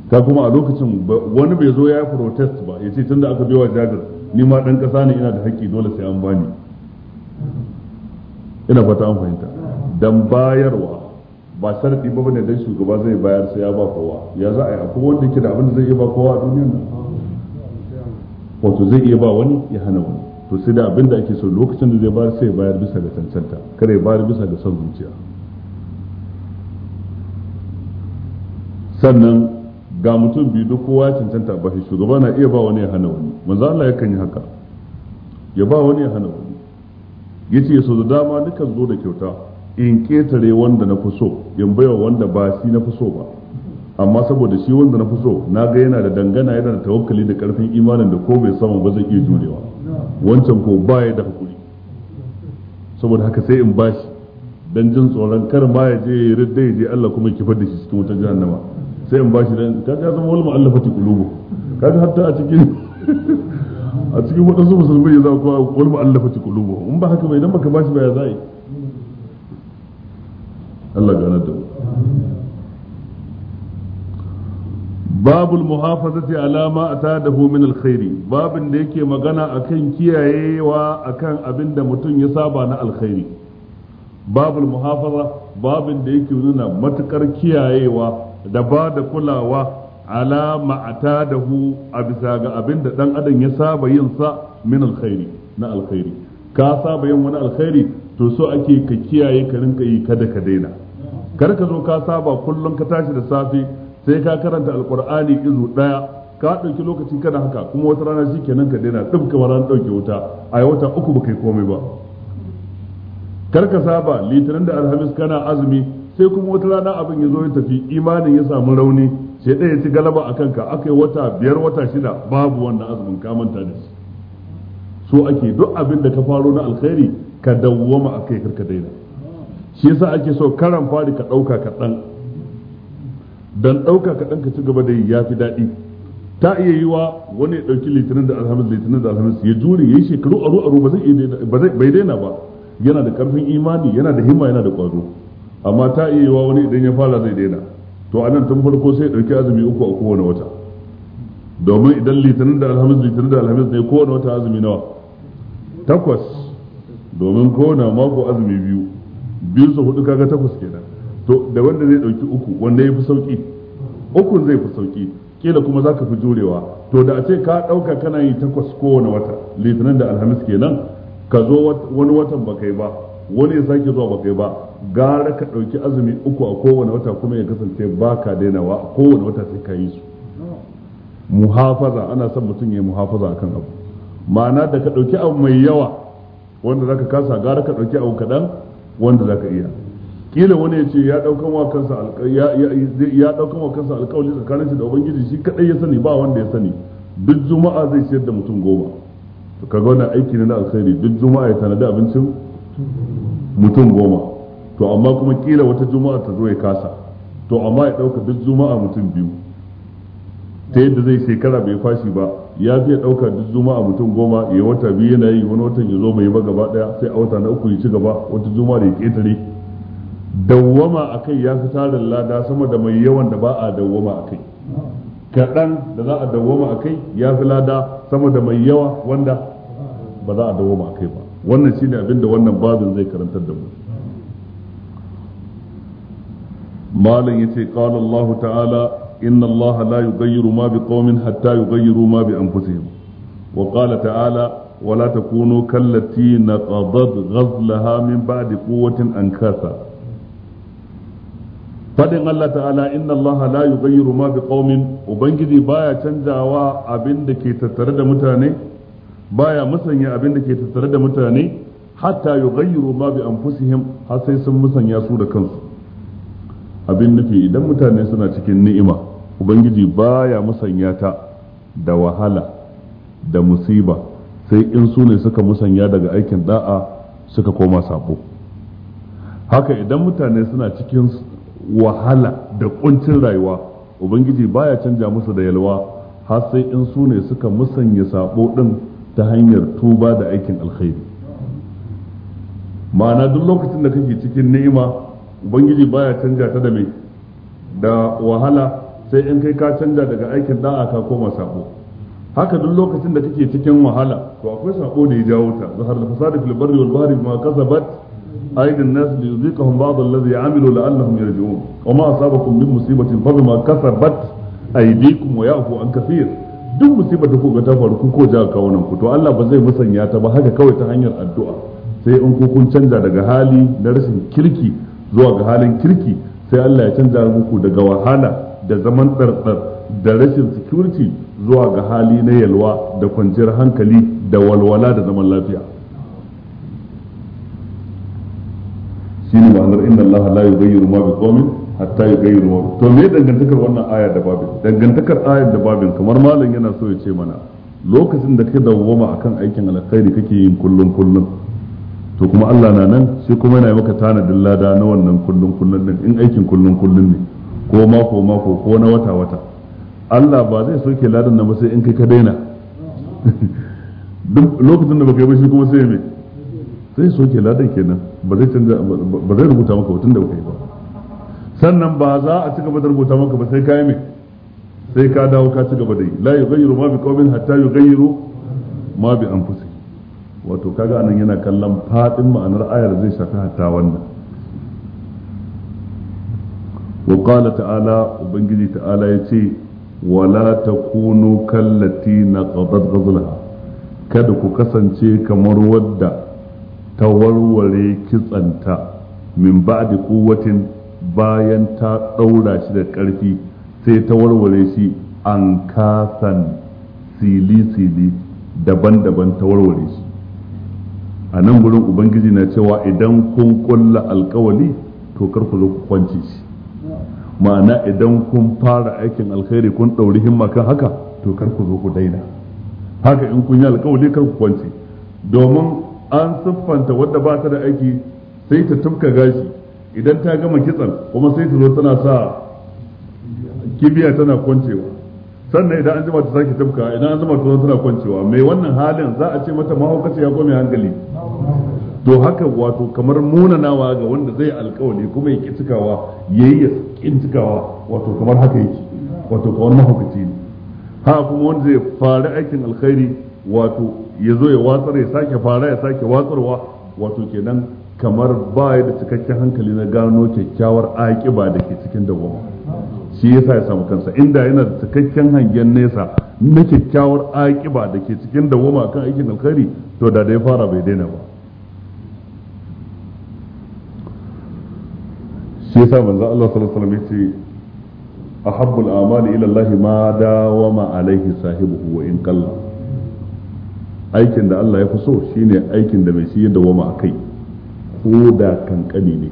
ka kuma a lokacin wani bai zo ya yi protest ba ya ce tun da aka wa jabir ni ma dan kasa ne ina da haƙƙi dole sai an bani ina fata an fahimta dan bayarwa ba sarɗi ba ne dan shugaba zai bayar sai ya ba kowa ya za a yi akwai wanda ke da abin da zai iya ba kowa a duniyar nan wato zai iya ba wani ya hana wani to sai da abin da ake so lokacin da zai bayar sai bayar bisa ga cancanta kada ya bayar bisa ga son zuciya sannan ga mutum biyu duk kowa ya cancanta ba shi shugaba na iya ba wani ya hana wani manzo Allah yakan yi haka ya ba wani ya hana wani yace so da dama nika zo da kyauta in ketare wanda na fi so in baiwa wanda ba shi na fi so ba amma saboda shi wanda na fi so na ga yana da dangana yana da tawakkali da karfin imanin da ko bai samu ba zai iya jurewa wancan ko ba ya da hakuri saboda haka sai in bashi dan jin tsoron kar ma ya je ya ridda ya je Allah kuma ya kifar da shi cikin wutar jahannama sai in bashi dan ga zama wal mu'allafati qulubu ga hatta a cikin a cikin wadansu musulmai ya zama kuma wal mu'allafati qulubu in ba haka bai dan baka bashi ba ya zai Allah gane da mu babul muhafazati ala ma atadahu min alkhairi babin da yake magana akan kiyayewa akan abin da mutum ya saba na alkhairi babul muhafaza babin da yake nuna matukar kiyayewa da ba da kulawa ala ma'atadahu a bisa ga abin da dan adam ya saba yin sa min alkhairi na alkhairi ka saba yin wani alkhairi to so ake ka kiyaye ka rinka yi kada ka daina kar ka zo ka saba kullum ka tashi da safe sai ka karanta alkur'ani izu daya ka ɗauki lokaci kana haka kuma wata rana shi kenan ka daina duk kamar an dauke wuta a wata uku baka yi komai ba kar ka saba litinin da alhamis kana azumi sai kuma wata rana abin ya zo ya tafi imanin ya samu rauni sai ɗaya ya ci galaba a kanka aka yi wata biyar wata shida babu wannan azumin ka manta da shi so ake duk abin da ka faro na alkhairi ka dawwama a kai karka daina shi yasa ake so karan fari ka ɗauka kaɗan don ɗauka kaɗan ka ci gaba da yi ya fi daɗi ta iya yi wa wani ya ɗauki litinin da alhamis litinin da alhamis ya jure ya yi shekaru aru aru ba zai bai daina ba yana da ƙarfin imani yana da himma yana da ƙwazo amma ta iya yi wa wani idan ya fara zai daina to anan tun farko sai ɗauki azumi uku a kowane wata domin idan litinin da alhamis litinin da alhamis ne kowane wata azumi nawa takwas domin kowane mako azumi biyu biyu su hudu kaga takwas kenan to da wanda zai dauki uku wanda ya fi sauki ukun zai fi sauki kila kuma za ka fi jurewa to da a ce ka dauka kana yi takwas kowane wata litinin da alhamis kenan ka zo wani watan ba kai ba wani ya sake zuwa ba kai ba gara ka dauki azumi uku a kowane wata kuma ya kasance ba ka dainawa a kowane wata sai ka yi su muhafaza ana son mutum ya yi muhafaza akan abu ma'ana da ka dauki abu mai yawa wanda za ka kasa gara ka dauki abu kaɗan, wanda za ka iya kila wani ya ce ya daukan wa kansa ya daukan wa kansa tsakanin shi da ubangiji shi kadai ya sani ba wanda ya sani duk juma'a zai ciyar da mutum goma to kaga wannan aiki ne na alkhairi duk juma'a ya tanadi abincin mutum goma to amma kuma kila wata juma'a ta zo ya kasa to amma ya dauka duk juma'a mutum biyu ta yadda zai shekara bai fashi ba ya fi ya ɗauka duk juma'a mutum goma ya wata biyu yana yi wani watan ya zo mai ba gaba ɗaya sai a wata na uku ya ci gaba wata juma'a da ya ƙetare dawwama a kai ya fi tarin lada sama da mai yawan da ba a dawwama a kai kaɗan da za a dawwama a kai ya fi lada sama da mai yawa wanda ba za a dawwama a kai ba wannan shine ne abinda wannan babin zai karantar da mu malam ya ce Allah ta'ala inna Allah la yughayyiru ma biqaumin hatta yughayyiru ma bi anfusihim wa qala ta'ala wala تكونوا kallati نقضت غزلها من بعد قوة ankasa. fadin Allah ta'ala inna Allah la yughayyiru ma bi qaumin ubangiji baya canjawa abin da ke tattare da mutane baya musanya abin da ke tattare da mutane hatta yughayyiru ma bi anfusihim har sai sun musanya su da kansu abin nufi idan mutane suna cikin ni'ima ubangiji baya musanya ta da wahala da musiba sai in su ne suka musanya daga aikin da'a suka koma sabo haka idan mutane suna cikin wahala da kuncin rayuwa ubangiji baya canja musu da yalwa har sai in su ne suka musanya sabo din ta hanyar tuba da aikin alkhairi ma'ana duk lokacin da kake cikin ni'ima ubangiji baya canja ta da mai da wahala sai in kai ka canja daga aikin da'a ka koma sabo haka duk lokacin da kake cikin wahala to akwai sabo da ya jawo ta zahar al-fasad fil barri wal bahri bima kasabat أيدي الناس ليذيقهم بعض الذي عملوا لعلهم يرجعون وما أصابكم من مصيبة فبما كسبت أيديكم ويعفو عن كثير duk musibar da kuka ta faru ku ko ja kawunan ku to Allah ba zai musanya ta ba haka kawai ta hanyar addu'a sai in ku kun canja daga hali na rashin kirki zuwa ga halin kirki sai Allah ya canza muku daga wahala da zaman tsartsar da rashin security zuwa ga hali na yalwa da kwanciyar hankali da walwala da zaman lafiya shine ma'anar inna Allah la yughayyiru ma biqaumin hatta yughayyiru ma to me dangantakar wannan aya da babin dangantakar ayar da babin kamar malam yana so ya ce mana lokacin da kake dawoma akan aikin alkhairi kake yin kullun kullun to kuma Allah na nan sai kuma yana maka tanadin lada na wannan kullun kullun din in aikin kullun kullun ne ko mako mako ko na wata wata Allah ba zai soke ladan nan ba sai in kai ka daina duk lokacin da baka yi ba shi kuma sai me sai soke ladan kenan ba zai canza ba zai rubuta maka hutun da baka yi ba sannan ba za a ci gaba da rubuta maka ba sai ka yi mai sai ka dawo ka ci gaba da yi la yughayyiru ma bi qaumin hatta yughayyiru ma bi anfusihim wato kaga anan yana kallon fadin ma'anar ayar zai shafi hatta wannan wa qala ta'ala ubangiji ta'ala yace wala takunu kallati naqadat ghazlaha kada ku kasance kamar wadda ta warware kitsanta min da kuwatin bayan ta ɗaura shi da ƙarfi sai ta warware shi an kasan sili-sili daban-daban ta warware shi a nan gurin ubangiji na cewa idan kun kulla alkawali to kar ku zo ku kwance shi ma'ana idan kun fara aikin alkhairi kun ɗauri himma kan haka to kar ku zo ku daina haka in kun yi alkawali kar ku kwance domin an siffanta wadda ba ta da aiki sai ta tufka gashi idan ta gama kitsan kuma sai ta zo tana sa kibiya tana kwancewa sannan idan an jima ta sake tufka idan an jima ta tana kwancewa mai wannan halin za a ce mata mahaukaci ya kome hankali to haka wato kamar munanawa ga wanda zai alkawali kuma ya cikawa yi ya kin cikawa wato kamar haka yake wato kamar mahaukaci ne ha kuma wanda zai fara aikin alkhairi wato ya zo ya watsar ya sake fara ya sake watsarwa wato kenan kamar ba ya da cikakken hankali na gano kyakkyawar aƙiba da ke cikin goma shi yasa ya samu kansa inda yana da cikakken hangen nesa na kyakkyawar aƙiba da ke cikin goma kan aikin alkhairi to da ya fara bai daina ba shi yasa manzo Allah sallallahu alaihi wasallam yace ahabbul a'mali ila Allah ma dawama alaihi sahibuhu wa in qalla aikin da Allah ya fi so shine aikin da mai shi da wama a kai ko da kankani ne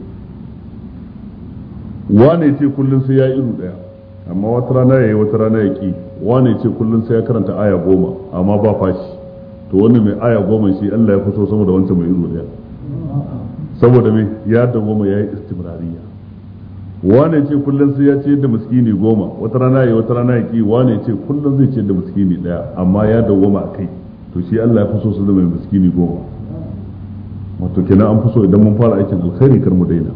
wane ce kullum sai ya iru daya amma wata rana ya yi wata rana ya ki wane ce kullum sai ya karanta aya goma amma ba fashi to wani mai aya goma shi Allah ya fi so saboda wancan mai iru daya saboda me ya da goma ya yi istimrariya wane ce kullum sai ya ce da miskini goma wata rana ya yi wata rana ya ki wane ce kullum zai ce da miskini daya amma ya da goma a kai to shi Allah ya fi so su zama miskini goma wato kenan an fi so idan mun fara aikin alkhairi kar mu daina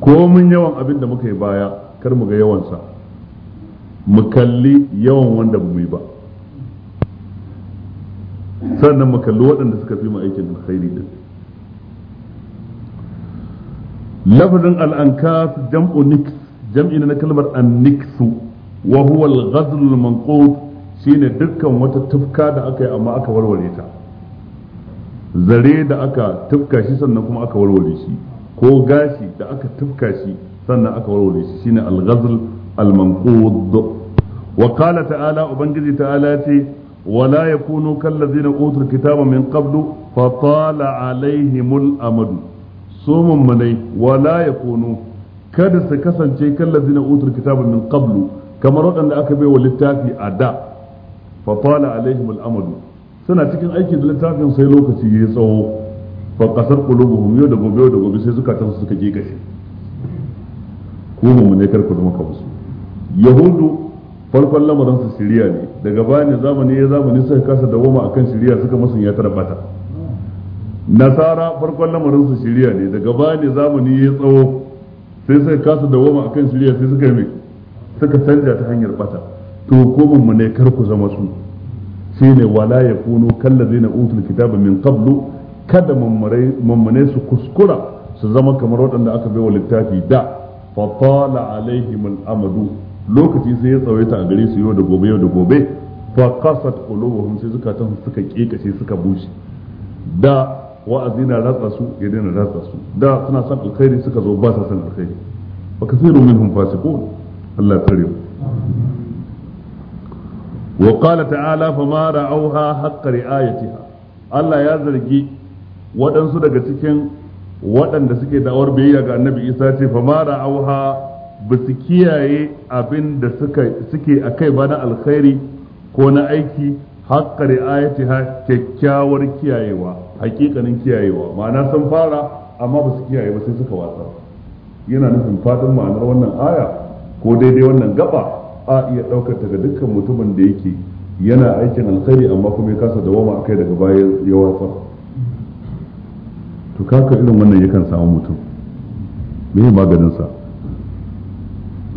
ko mun yawan abin da muka yi baya kar mu ga yawansa mu kalli yawan wanda mu yi ba sannan mu kalli waɗanda suka fi mu aikin alkhairi din lafazin al'ankas jam'u niks jam'i na kalmar an niksu wa huwa al-ghazl al-manqut shine dukkan wata tufka da aka yi amma aka warware ta zare da aka tufka shi sannan kuma aka warware shi ko gashi da aka tufka shi sannan aka warware shi shine al-ghazl al-manqud wa qala ta'ala ubangiji ta'ala ce wala yakunu kallazina utul kitaba min qablu fa tala alaihimul amadu su mummunai wala yakunu kada su kasance kallazina utul kitaba min qablu kamar waɗanda aka bai wa littafi a da fafala a alaihim al'amalu suna cikin aiki da littafin sai lokaci ya tsawo fa kasar kulubu yau da gobe yau da gobe sai suka tasu suka kike shi ku mu ne kar ku zama ka musu yahudu farkon lamarin su shiriya ne daga baya ne zamani ya zamani suka kasa dawoma akan shiriya suka masun ya tarbata nasara farkon lamarin su shiriya ne daga baya ne zamani ya tsawo sai suka kasa dawoma akan shiriya sai suka yi suka canja ta hanyar bata to ko ne kar ku zama su shine wala ya zai na utul kitaba min qablu kada mummune su kuskura su zama kamar waɗanda aka bai wa littafi da fa alaihim al'amadu lokaci sai ya tsawaita a gare su yau da gobe yau da gobe fa qasat qulubuhum sai zukatan suka kekace suka bushe da wa'azi na ratsa su ya daina ratsa su da suna son alkhairi suka zo ba sa son alkhairi fa kasirun minhum fasiqun Allah ya tsare mu wa qala ta'ala fama ra'awha haqqa ri'ayatiha Allah ya zargi waɗansu daga cikin waɗanda suke da'awar biyayya ga annabi Isa ce fama ra'awha ba su kiyaye abin da suka suke akai ba na alkhairi ko na aiki haqqa ri'ayatiha kyakkyawar kiyayewa hakikanin kiyayewa ma'ana sun fara amma ba su kiyaye ba sai suka wasa yana nufin fadin ma'anar wannan aya ko daidai wannan gaba a iya daukar daga dukkan mutumin da yake yana aikin alkhairi amma kuma ya kasa wama kai daga baya ya watsa to kaka irin wannan yakan samu mutum me maganin sa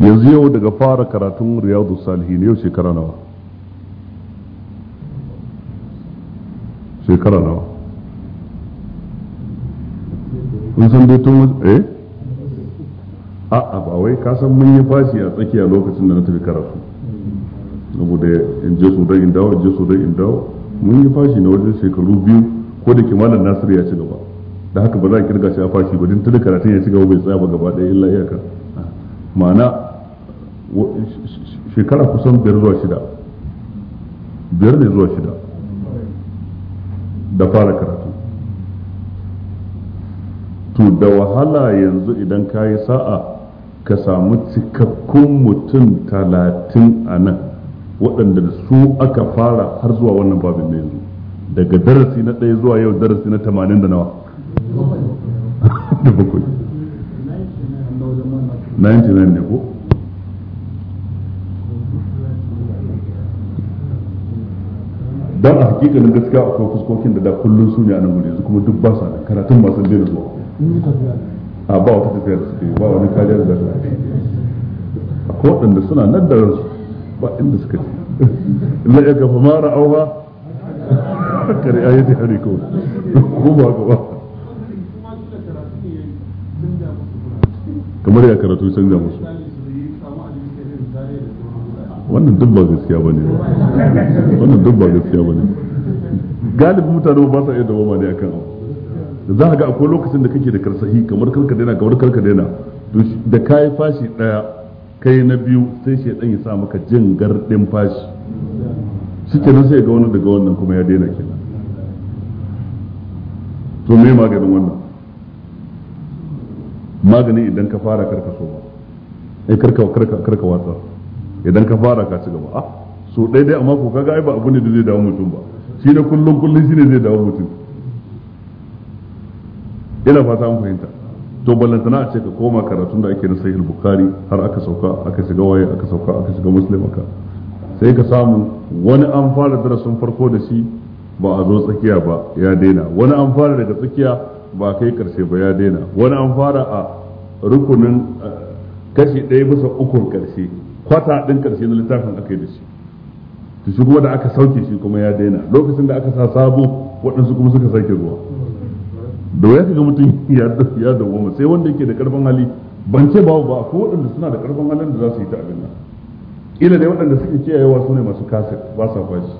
yanzu yau daga fara karatun riyadu salihin yau shekara nawa shekara nawa kun san dai tun eh a'a ba wai ka san mun yi fashi a tsakiya lokacin da na tafi karatu saboda in je sudan in dawo in je sudan in dawo mun yi fashi na wajen shekaru biyu ko da kimanin nasiru ya ci gaba da haka ba za a kirga shi a fashi ba din tun karatun ya ci gaba bai tsaya ba gaba ɗaya illa iyaka ma'ana shekara kusan biyar zuwa shida biyar ne zuwa shida da fara karatu to da wahala yanzu idan ka yi sa'a ka samu cikakkun mutum talatin a nan waɗanda da su aka fara har zuwa wannan babin da yanzu daga darasi na ɗaya zuwa yau darasi na tamanin da nawa da bakwai 99 ne ko don a hakikanin gaskiya akwai fuskokin da da kullum su ne a nan gudu yanzu kuma duk ba sa karatun masu da zuwa a ba wata tafiyar su ba wani kariyar da a da suna nan da ransu ba inda suka ce Ila ya gafa mara auha kare yi da hari ko ko ba ba kamar ya karatu canja musu wannan duk ba gaskiya bane wannan duk ba gaskiya bane galibin mutane ba sa iya dawoma ne akan abu za a ga akwai lokacin da kake da karsahi kamar karka daina kamar karka daina da kayi fashi ɗaya kai na biyu sai shi ya sa maka jin gardin fashi shike nan sai ga wani daga wannan kuma ya daina kenan to me maganin wannan maganin idan ka fara karka so ba ai eh, karka karka karka watsa idan ka fara ka ci gaba a ah, so ɗai dai amma ko kaga ai ba abu ne da zai dawo mutum ba shi ne kullun kullun shine zai dawo mutum ina fata an fahimta to ballantana a ce ka koma karatun da ake na sahih bukhari har aka sauka aka shiga waye aka sauka aka shiga muslim aka sai ka samu wani an fara darasin farko da shi ba a zo tsakiya ba ya daina wani an fara daga tsakiya ba kai karshe ba ya daina wani an fara a rukunin kashi ɗaya bisa ukun karshe kwata ɗin karshe na littafin aka yi da shi to shi kuma da aka sauke shi kuma ya daina lokacin da aka sa sabo waɗansu kuma suka sake zuwa da waya kaga mutum ya ya dawoma sai wanda yake da karfin hali ban ce babu ba ko wadanda suna da karfin halin da za su yi ta abin nan ila dai wadanda suke kiyayewa su ne masu kasir ba sa fashi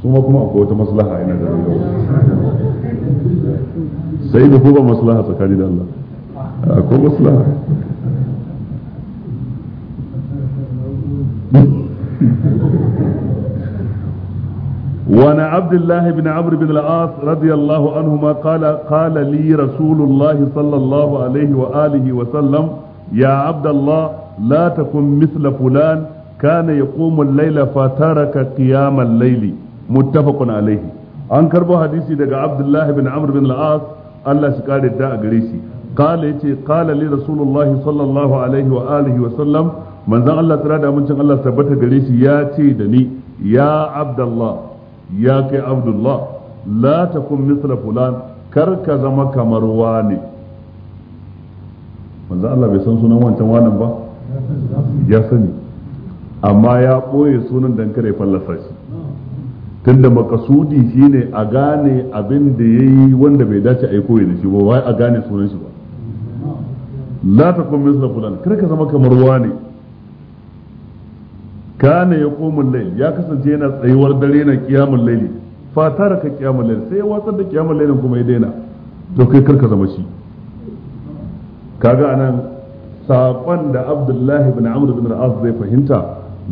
su ma kuma akwai wata maslaha yana da rayuwa sai da kuma maslaha tsakani da Allah akwai maslaha وعن عبد الله بن عمرو بن العاص رضي الله عنهما قال قال لي رسول الله صلى الله عليه وآله وسلم يا عبد الله لا تكن مثل فلان كان يقوم الليل فترك قيام الليل متفق عليه an karbo hadisi daga abdullah bin amr bin al-as Allah shi kare da a gare shi qala yace qala li rasulullah sallallahu alaihi wa alihi wa sallam manzon Allah tsara da amincin Allah tabbata gare shi ya ce da ni ya abdullah ya kai abdullah la kun misla fulan kar ka zama kamar wani manzo Allah bai san sunan wancan wanan ba ya sani amma ya ɓoye sunan dan kare fallasa shi tunda makasudi shine a gane abin da yi wanda bai dace a yi koyi da shi ba wai a gane sunan shi ba la takun misla fulan kar ka zama kamar wani kana ya komun lail ya kasance yana tsayuwar dare na kiyamun laili fa ka kiyamun lail sai ya watsar da kiyamun lailin kuma ya daina to kai karka zama shi kaga anan saƙon da abdullahi bin amr bin al zai fahimta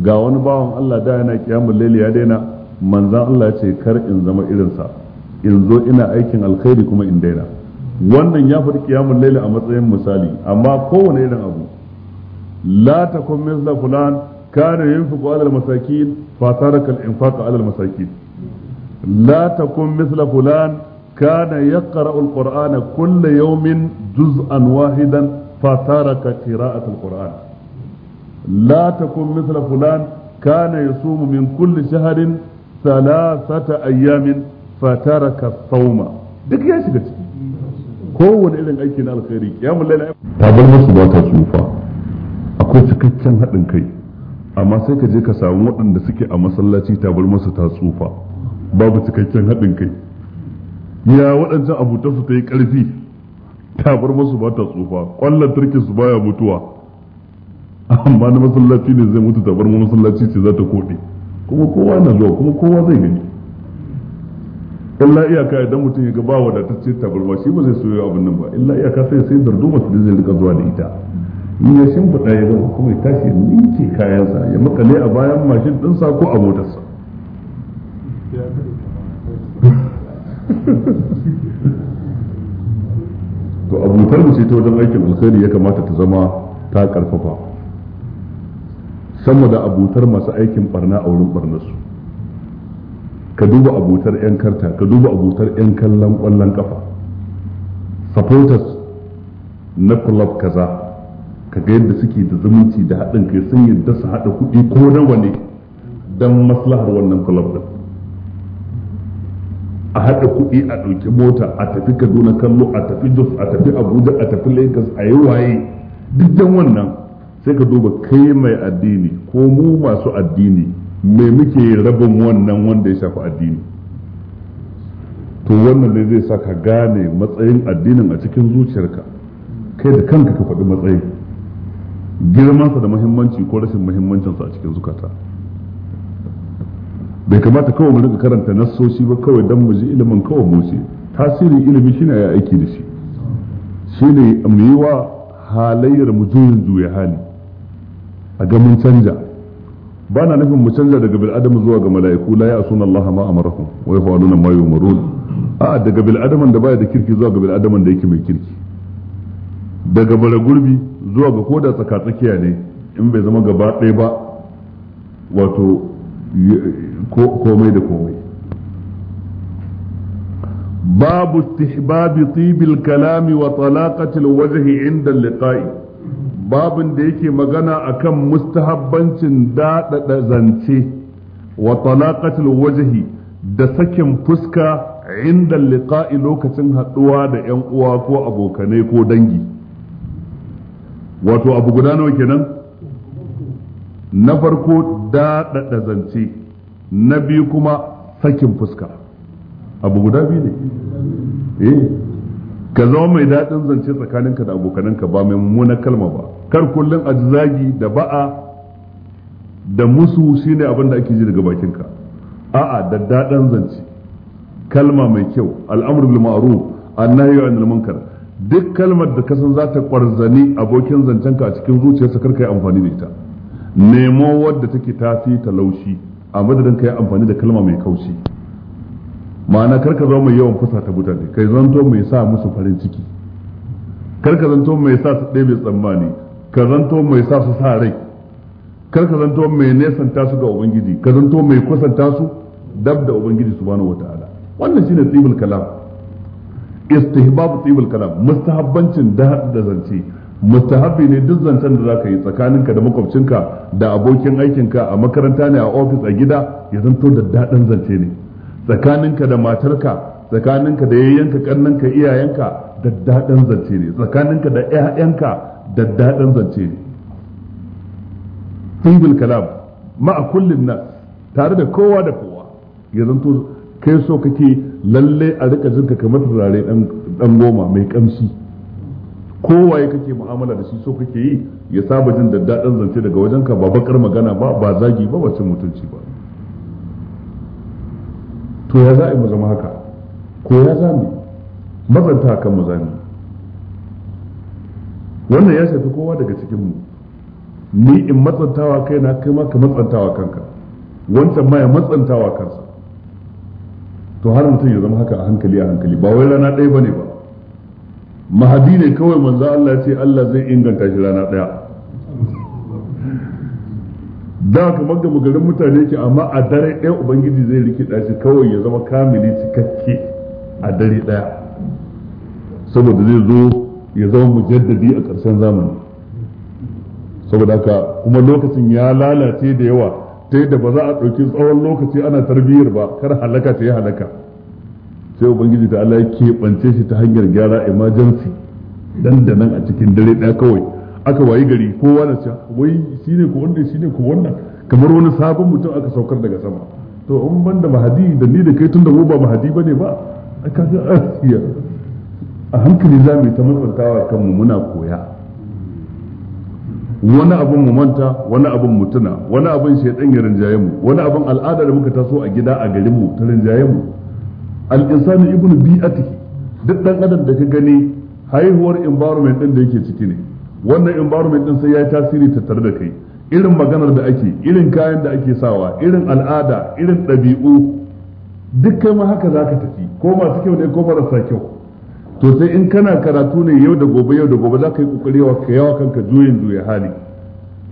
ga wani bawan Allah da yana kiyamun laili ya daina manzan Allah ce kar in zama irinsa in zo ina aikin alkhairi kuma in daina wannan ya faɗi kiyamun laili a matsayin misali amma kowane irin abu la takun mithla fulan kana yunfiqu ala al-masakin fa taraka al ala al la takun mithla fulan kana yaqra'u al-qur'ana kull yawmin juz'an wahidan fa taraka qira'at al-qur'an la takun mithla fulan kana yasumu min kulli shahrin thalathata ayamin fa taraka as-sawma duk ya shiga ciki kowane irin aiki na alkhairi kiyamul layl ta bar musu ba ta tsufa, akwai cikakken haɗin kai amma sai ka je ka samu waɗanda suke a masallaci ta bar masa ta tsufa babu cikakken haɗin kai ya waɗancan abutansu ta yi ƙarfi ta bar masu ba ta tsufa ƙwallon turkin su baya mutuwa amma na masallaci ne zai mutu ta bar masallaci ce za ta koɗe kuma kowa na zuwa kuma kowa zai gani illa iyaka idan mutum ya ga ba wadatacciyar tabarwa, shi ba zai soyo abin nan ba illa iyaka sai sai darduma su zai rika zuwa da ita in ya shimfiɗa ya zama kuma ya tashi ya ninke kayansa ya makale a bayan mashin ɗinsa ko a motarsa to abotar mu ce ta wajen aikin alkhairi ya kamata ta zama ta karfafa sama da abotar masu aikin barna a wurin barnarsu ka duba abotar 'yan karta ka duba abotar 'yan kallon kwallon kafa supporters na club kaza Ka ga yadda suke da zumunci da haɗin kai sun yadda su haɗa kuɗi ko nawa ne don maslahar wannan kulab din a haɗa kuɗi a ɗauki mota a tafi kaduna kallo a tafi jos a tafi abuja a tafi lagos a yi waye duk dan wannan sai ka duba kai mai addini ko mu masu addini me muke rabin wannan wanda ya shafi addini to wannan ne zai sa ka gane matsayin addinin a cikin zuciyarka kai da kanka ka faɗi matsayin girmansa da muhimmanci ko rashin muhimmancinsa a cikin zukata bai kamata kawai mu rika karanta nassoshi ba kawai dan mu ji ilimin kawai mu ce tasiri ilimi shine ya aiki da shi shine mu yi wa halayyar mu juyin juya hali a ga mun canja ba na nufin mu canja daga bil adam zuwa ga mala'iku la sunan Allah ma amarakum wa yaf'aluna ma yu'marun a daga bil adam da baya da kirki zuwa ga bil adam da yake mai kirki daga bara gurbi zuwa ga koda tsaka tsakiya ne in bai zama gaba ɗaya ba wato komai da komai babu istihbabi tibil kalami wa talaqatil wajhi inda liqa'i babin da yake magana akan mustahabbancin daɗaɗa zance wa talaqatil wajhi da sakin fuska inda liqa'i lokacin haɗuwa da 'yan uwa ko abokanai ko dangi wato abu guda nawa kenan na farko daɗaɗa zance na biyu kuma sakin fuska abu guda biyu ne eh ka zama mai daɗin zance tsakaninka da abokananka ba mai mummunar kalma ba kar kullum a zagi da ba'a da musu shine abin da ake ji daga bakinka a'a da daɗin zance kalma mai kyau al'amru bil ma'ruf annahi anil munkar duk kalmar da kasan za ta kwarzani abokin zancenka a cikin zuciyarsa kar ka yi amfani da ita nemo wadda take tafi talaushi a madadin ka yi amfani da kalma mai kaushi ma'ana kar ka zama mai yawan fusa ta mutane kai zanto mai sa musu farin ciki kar ka zanto mai sa su ɗebe tsammani ka zanto mai sa su sa rai kar ka zanto mai nesanta su ga ubangiji ka zanto mai kusanta su dab da ubangiji subhanahu wataala wannan shine tsibul kalam istihbab tibul kalam mustahabbancin da da zance mustahabbi ne duk zancen da zaka yi tsakaninka da makwabcinka da abokin aikinka a makaranta ne a ofis a gida ya zanto da daɗin zance ne tsakaninka da matarka tsakaninka da yayyanka kannanka iyayenka da daɗin zance ne tsakaninka da ƴaƴanka da daɗin zance ne tibul kalam ma'a kullin nas tare da kowa da kowa ya zanto kai so kake lalle a rika jinka kamar turare dan goma mai kamshi kowaye kake mu'amala da shi so kake yi ya saba jin daddaɗin zance daga wajenka ba bakar magana ba ba zagi ba ba cin mutunci ba to ya za a yi mu zama haka ko ya zame mazanta kan mu wannan ya shafi kowa daga cikinmu ni in matsantawa kai na kai ma ka matsantawa kanka wancan ma ya matsantawa kansa to har mutum ya zama haka a hankali a hankali ba wai rana ɗaya bane ba mahadi ne kawai manzo Allah ce Allah zai inganta shi rana ɗaya da kamar da magarin mutane ke amma a dare ɗaya ubangiji zai rikida shi kawai ya zama kamili cikakke a dare ɗaya saboda zai zo ya zama mujaddadi a ƙarshen zamani saboda haka kuma lokacin ya lalace da yawa ta yadda ba za a ɗauki tsawon lokaci ana tarbiyyar ba kar halaka ta yi halaka sai ubangiji ta Allah ya keɓance shi ta hanyar gyara emergency dan da nan a cikin dare ɗaya kawai aka wayi gari kowa na cewa wai shine ko wannan shine ko wannan kamar wani sabon mutum aka saukar daga sama to in ban da mahadi da ni da kai tun da mu ba mahadi bane ba aka ga ah, a hankali za mu yi ta matsantawa kanmu muna koya wani abin mu manta wani abin mu tuna wani abin shaidan ya rinjaye mu wani abin al'ada da muka taso a gida a garin mu ta rinjaye mu al insani ibnu bi'ati duk dan adam da ka gani haihuwar environment din da yake ciki ne wannan environment din sai ya tasiri ta tare da kai irin maganar da ake irin kayan da ake sawa irin al'ada irin ɗabi'u duk kai ma haka zaka tafi ko masu kyau ne ko marasa kyau to sai in kana karatu ne yau da gobe yau da gobe za ka yi kokari wa ka yawa kanka juyin juya hali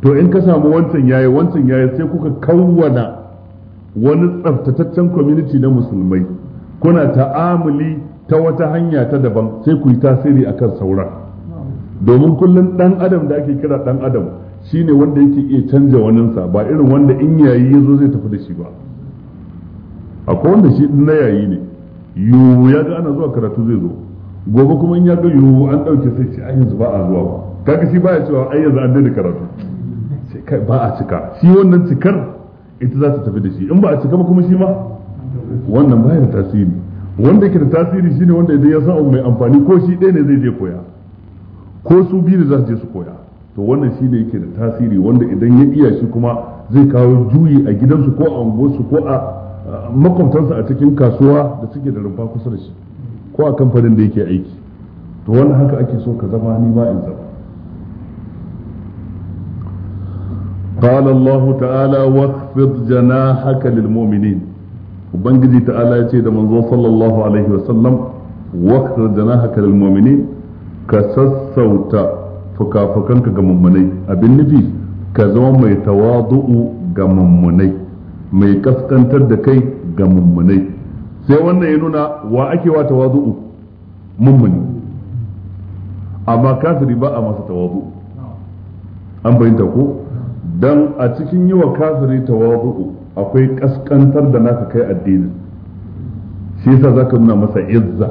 to in ka samu wancan yayi wancan yayi sai kuka kawwana wani tsaftataccen community na musulmai kuna ta'amuli ta wata hanya ta daban sai ku yi tasiri akan saura domin kullum dan adam da ake kira dan adam shine wanda yake iya canja waninsa ba irin wanda in yayi yazo zai tafi da shi ba akwai wanda shi na yayi ne yu ya ga ana zuwa karatu zai zo gobe kuma in ya ga yiwu an ɗauke sai ce yanzu ba a zuwa ba kaga shi ba ya cewa ai yanzu an daina karatu sai kai ba a cika shi wannan cikar ita za ta tafi da shi in ba a cika ba kuma shi ma wannan baya da tasiri wanda yake da tasiri shine wanda idan ya san mai amfani ko shi ɗaya ne zai je koya ko su biyu za su je su koya to wannan shine yake da tasiri wanda idan ya iya shi kuma zai kawo juyi a gidansu ko a unguwarsu ko a makwabtansa a cikin kasuwa da suke da rumfa kusa da shi ko a kamfanin da yake aiki to wannan haka ake so ka zama ni ma in zama قال الله تعالى واخفض جناحك للمؤمنين وبنجي تعالى يتي ده منزو صلى الله عليه وسلم واخفض جناحك للمؤمنين كسسوت فكافكنك غممني ابن نبي كزو مي تواضع غممني مي كسكنتر da kai ga mummunai sai wannan ya nuna wa ake wa tawazu'u mummuni amma kafiri ba a masa tawazu an bayyanta ko dan a cikin yi wa kafiri tawazu'u akwai kaskantar da naka kai addinin shi yasa zaka nuna masa izza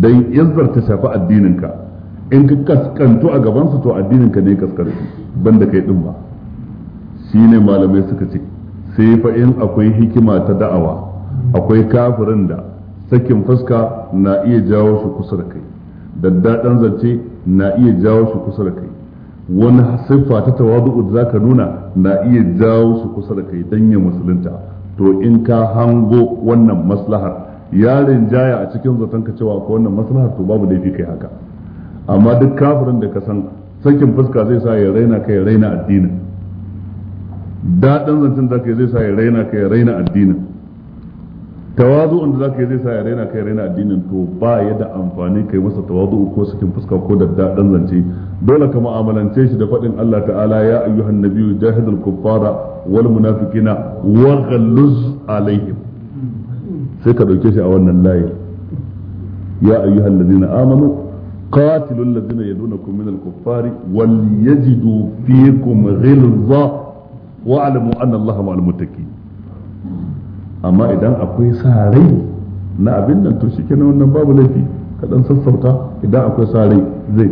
dan izzar ta shafi addininka in ka kaskantu a gaban su to addininka ne kaskantu banda kai din ba shine malamai suka ce sai fa in akwai hikima ta da'awa akwai kafirin da sakin fuska na iya jawo shi kusa da kai daddaɗan zance na iya jawo shi kusa da kai wani siffa ta tawadu da zaka nuna na iya jawo su kusa da kai dan ya musulunta to in ka hango wannan maslahar yarin jaya a cikin zaton ka cewa ko wannan maslahar to babu laifi kai haka amma duk kafirin da ka san sakin fuska zai sa ya raina ka ya raina addinin daɗin zancen kai zai sa ya raina ka ya raina addinin tawazu'un da zaka yi zai sa ya raina kai raina addinin to ba ya da amfani kai masa tawazu'u ko sakin fuska ko da dadan zance dole ka mu'amalance shi da faɗin Allah ta'ala ya ayyuhan nabiyyu jahidul kuffara wal munafiqina wa ghalluz alaihim sai ka dauke shi a wannan layi ya ayyuhan ladina amanu قاتلوا الذين يلونكم من الكفار وليجدوا فيكم غلظة واعلموا أن الله مع المتقين amma idan akwai sa rai na abin nan to na wannan babu laifi ka dan sassauta idan akwai sa rai zai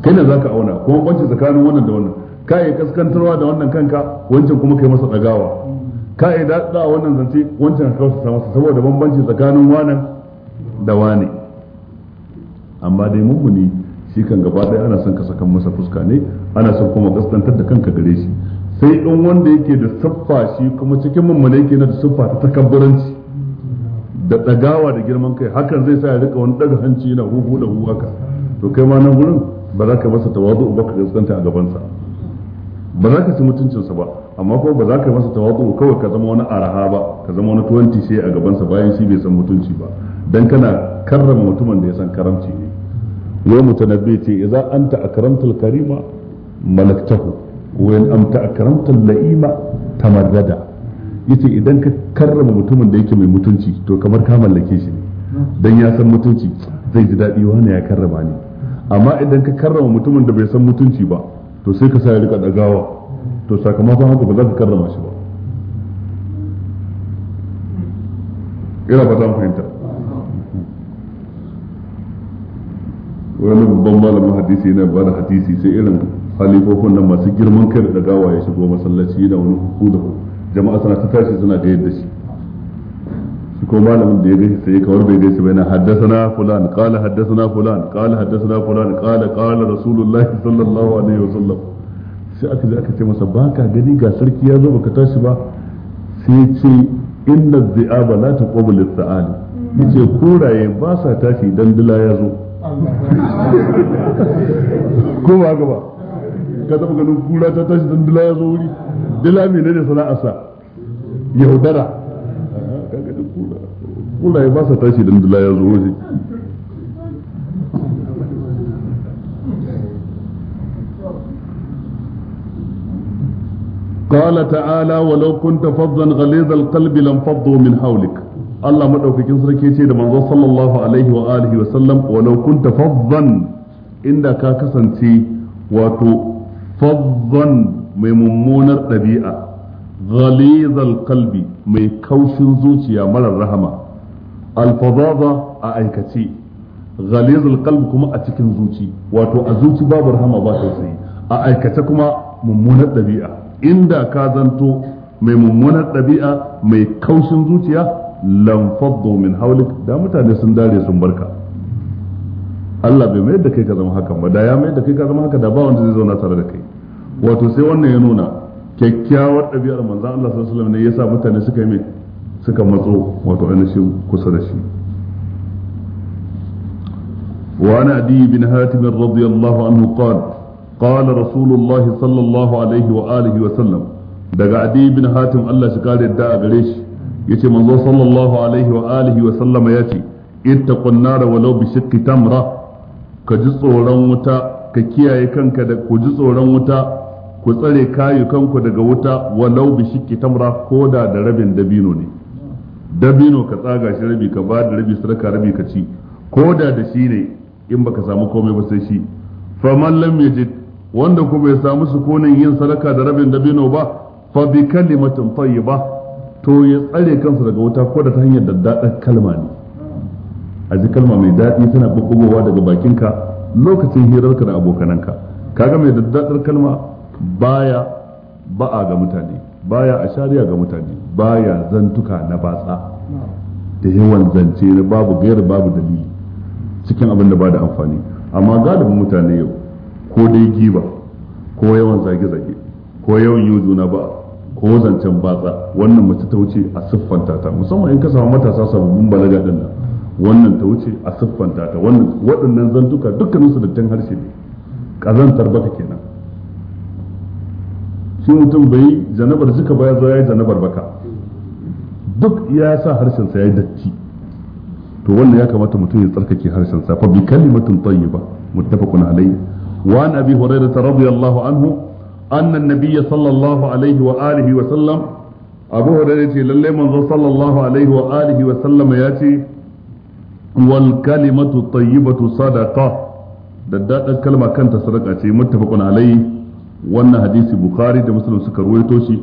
kai ne zaka auna kuma banci tsakanin wannan da wannan ka yi kaskantarwa da wannan kanka wancan kuma kai masa dagawa ka yi da wannan zance wancan ka ta masa saboda bambanci tsakanin wannan da wani amma dai mummuni shi kan gaba ɗaya ana son ka sakan masa fuska ne ana son kuma kaskantar da kanka gare shi sai ɗan wanda yake da siffa shi kuma cikin mummuna yake na da siffa ta takabburanci da ɗagawa da girman kai hakan zai sa ya rika wani ɗaga hanci yana huhu da huhu haka to kai ma nan gurin ba za ka masa tawazu ba ka gaskanta a gabansa ba za ka ci mutuncinsa ba amma kuma ba za ka masa tawazu kawai ka zama wani araha ba ka zama wani tuwanti sai a gabansa bayan shi bai san mutunci ba dan kana karrama mutumin da ya san karamci ne wai mutanabbi ce idza anta karamtar karima malaktahu wayan amta akramta la'ima tamarrada yace idan ka karrama mutumin da yake mai mutunci to kamar ka mallake shi ne dan ya san mutunci zai ji dadi wani ya karrama ne amma idan ka karrama mutumin da bai san mutunci ba to sai ka sa ya rika dagawa to sakamakon haka ba za ka karrama shi ba ina ba ta fahimta wani babban malamin hadisi yana ba da hadisi sai irin halifofin nan masu girman kai da gawa ya shigo masallaci da wani huku da jama'a suna ta tashi suna da yadda shi shi ko malamin da ya gaishe sai kawar bai gaishe bai na haddasana fulan qala haddasana fulan qala haddasana fulan qala qala rasulullahi sallallahu alaihi wasallam sai aka je aka ce masa baka gani ga sarki ya zo baka tashi ba sai ce inna dhi'aba la taqabu lis-sa'al yace koraye ba sa tashi dandula dila ya zo kuma gaba ka taba ganin kura ta tashi dan dila ya zo wuri dila mene ne sana'arsa yaudara kura ya ba sa tashi dan dila ya zo wuri قال تعالى ولو كنت فظا غليظ القلب لانفضوا من حولك Allah madaukakin sarki ce da manzo sallallahu alaihi wa wa sallam walau kunta faddan inda ka kasance wato faddan mai mummunar ɗabi'a ghalizal qalbi mai kaushin zuciya marar rahama alfadada a aikace ghalizal qalbi kuma a cikin zuci wato a zuci babu rahama ba tausayi a aikace kuma mummunar ɗabi'a inda ka zanto mai mummunar ɗabi'a mai kaushin zuciya lam min haulik da mutane sun dare sun barka Allah bai mai da kai ka zama hakan ba da ya mai da kai ka zama haka da ba wanda zai zauna tare da kai wato sai wannan ya nuna kyakkyawar ɗabi'ar manzan Allah sallallahu alaihi wasallam ne mutane suka yi suka matso wato ainihin kusa da shi wa ana adi bin hatim radiyallahu anhu qal qala sallallahu alaihi wa alihi wa sallam daga adi bin Allah shi kare da a gare shi yace manzo sallallahu alaihi wa alihi wa sallam yace ittaqun nar walau bi shakki tamra ka ji tsoron wuta ka kiyaye kanka da ku ji tsoron wuta ku tsare kayukanku daga wuta walau bi shikki tamra ko da da rabin dabino ne dabino ka tsaga shi rabi ka ba da rabi sarka rabi ka ci ko da da shi ne in baka samu komai ba sai shi fa man lam yajid wanda ku bai samu su konin yin sadaka da rabin dabino ba fa bi kalimatin tayyiba to ya tsare kansa daga wuta ko da ta hanyar daddadar kalma ne a ji kalma mai daɗi tana bubbugowa daga bakinka lokacin hirarka da abokananka kaga mai daddadar kalma baya ba'a ga mutane baya a shari'a ga mutane baya zantuka na batsa da yawan zance na babu gairar babu dalili cikin abin da ba da amfani amma galibin mutane yau ko dai giba ko yawan zage-zage ko yawan yi juna ba ko zancen batsa wannan mace ta wuce a siffanta ta musamman in ka samu matasa sababbin balaga din nan wannan ta wuce a siffanta ta waɗannan zantuka dukkaninsu dattin harshe ne ƙazantar baka kenan shi mutum bai yi zanabar zuka ba ya zo ya yi zanabar baka duk ya sa harshensa ya yi datti to wannan ya kamata mutum ya tsarkake harshensa fa bi kalimatin tayyiba muttafaqun alayhi wa an abi hurairah radiyallahu anhu anna an-nabiy sallallahu alaihi wa alihi wa sallam abu hurairah ce lalle manzo sallallahu alaihi wa alihi wa sallam ya ce wal kalimatu tayyibatu sadaqa da dadan kalma kanta sadaka ce muttafaqun alayhi wannan hadisi bukari da muslim suka ruwaito shi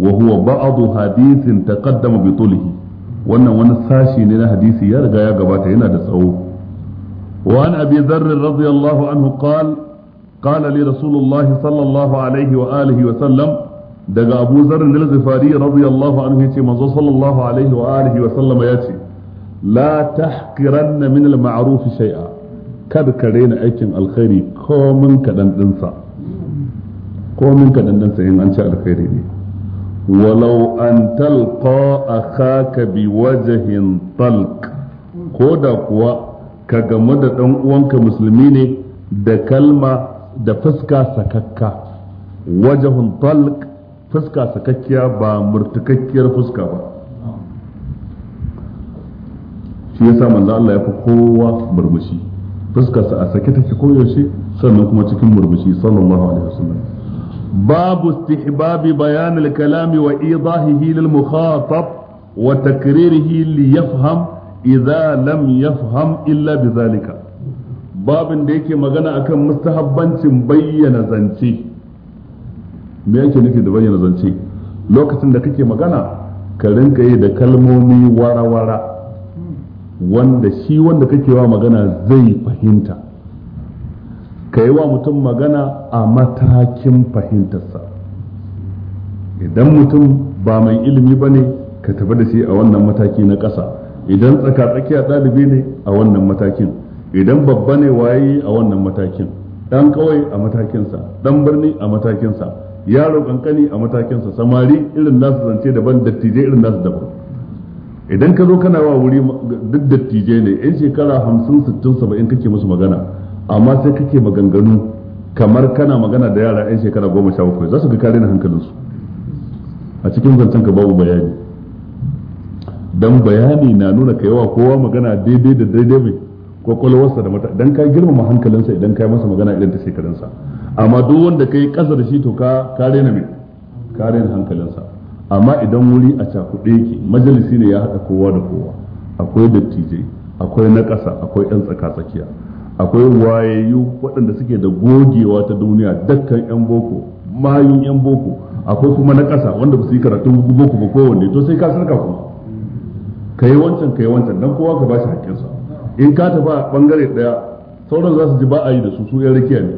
wa huwa ba'du hadisin taqaddama bi tulihi wannan wani sashi ne na hadisi ya riga ya gabata yana da tsawo wa an abi dharr radiyallahu anhu qala qala li sallallahu alaihi wa alihi wa sallam daga abu dharr al-ghifari radiyallahu anhu yace manzo sallallahu alaihi wa alihi wa sallam yace la tahqiranna min al-ma'ruf shay'a kada ka raina aikin alkhairi komin kadan komin ka dan sayin an ci alkhairi ne walau an talqa akhaka bi wajhin talq ko da kuwa ka gamu da ɗan uwanka musulmi ne da kalma da fuska sakakka wajhun talq fuska sakakkiya ba murtukakkiyar fuska ba shi yasa manzo Allah ya fi kowa murmushi fuskarsa a sake take koyaushe sannan kuma cikin murmushi sallallahu alaihi wasallam باب استحباب بيان الكلام وإيضاحه للمخاطب وتكريره ليفهم إذا لم يفهم إلا بذلك باب ديك مغنى أكم مستحبا بين زنتي me yake nufi da bayyana zance lokacin da kake magana ka rinka yi da kalmomi wara-wara wanda shi wanda kake wa magana zai fahimta ka yi wa mutum magana a matakin fahimtarsa idan mutum ba mai ilimi ba ne ka tafi da shi a wannan mataki na ƙasa idan tsaka-tsakiya ɗalibi ne a wannan matakin idan babba ne waye a wannan matakin ɗan kawai a matakinsa ɗan birni a matakinsa yaro ƙanƙani a matakinsa samari irin nasu zance daban dattijai irin nasu daban idan ka zo kana wa wuri duk dattijai ne yan shekara hamsin sittin saba'in kake musu magana amma sai kake maganganu kamar kana magana da yara 'yan shekara goma sha bakwai za su ga kare na hankalinsu a cikin zancen ka babu bayani dan bayani na nuna ka yawa kowa magana daidai da daidai mai kwalwarsa da mata dan kai girmama hankalinsa idan kai masa magana irin ta shekarunsa amma duk wanda kayi kasar da shi to ka kare na mai kare na hankalinsa amma idan wuri a cakuɗe yake majalisi ne ya haɗa kowa da kowa akwai dattijai akwai na ƙasa akwai 'yan tsaka tsakiya akwai wayayyu waɗanda suke da gogewa ta duniya dukkan yan boko mayun yan boko akwai kuma na ƙasa wanda ba su yi karatun boko ba kowanne to sai ka sarka kuma ka yi wancan ka yi wancan dan kowa ka ba shi haƙƙinsa in ka tafi a ɓangare ɗaya sauran za su ji ba a yi da su su yan rakiya ne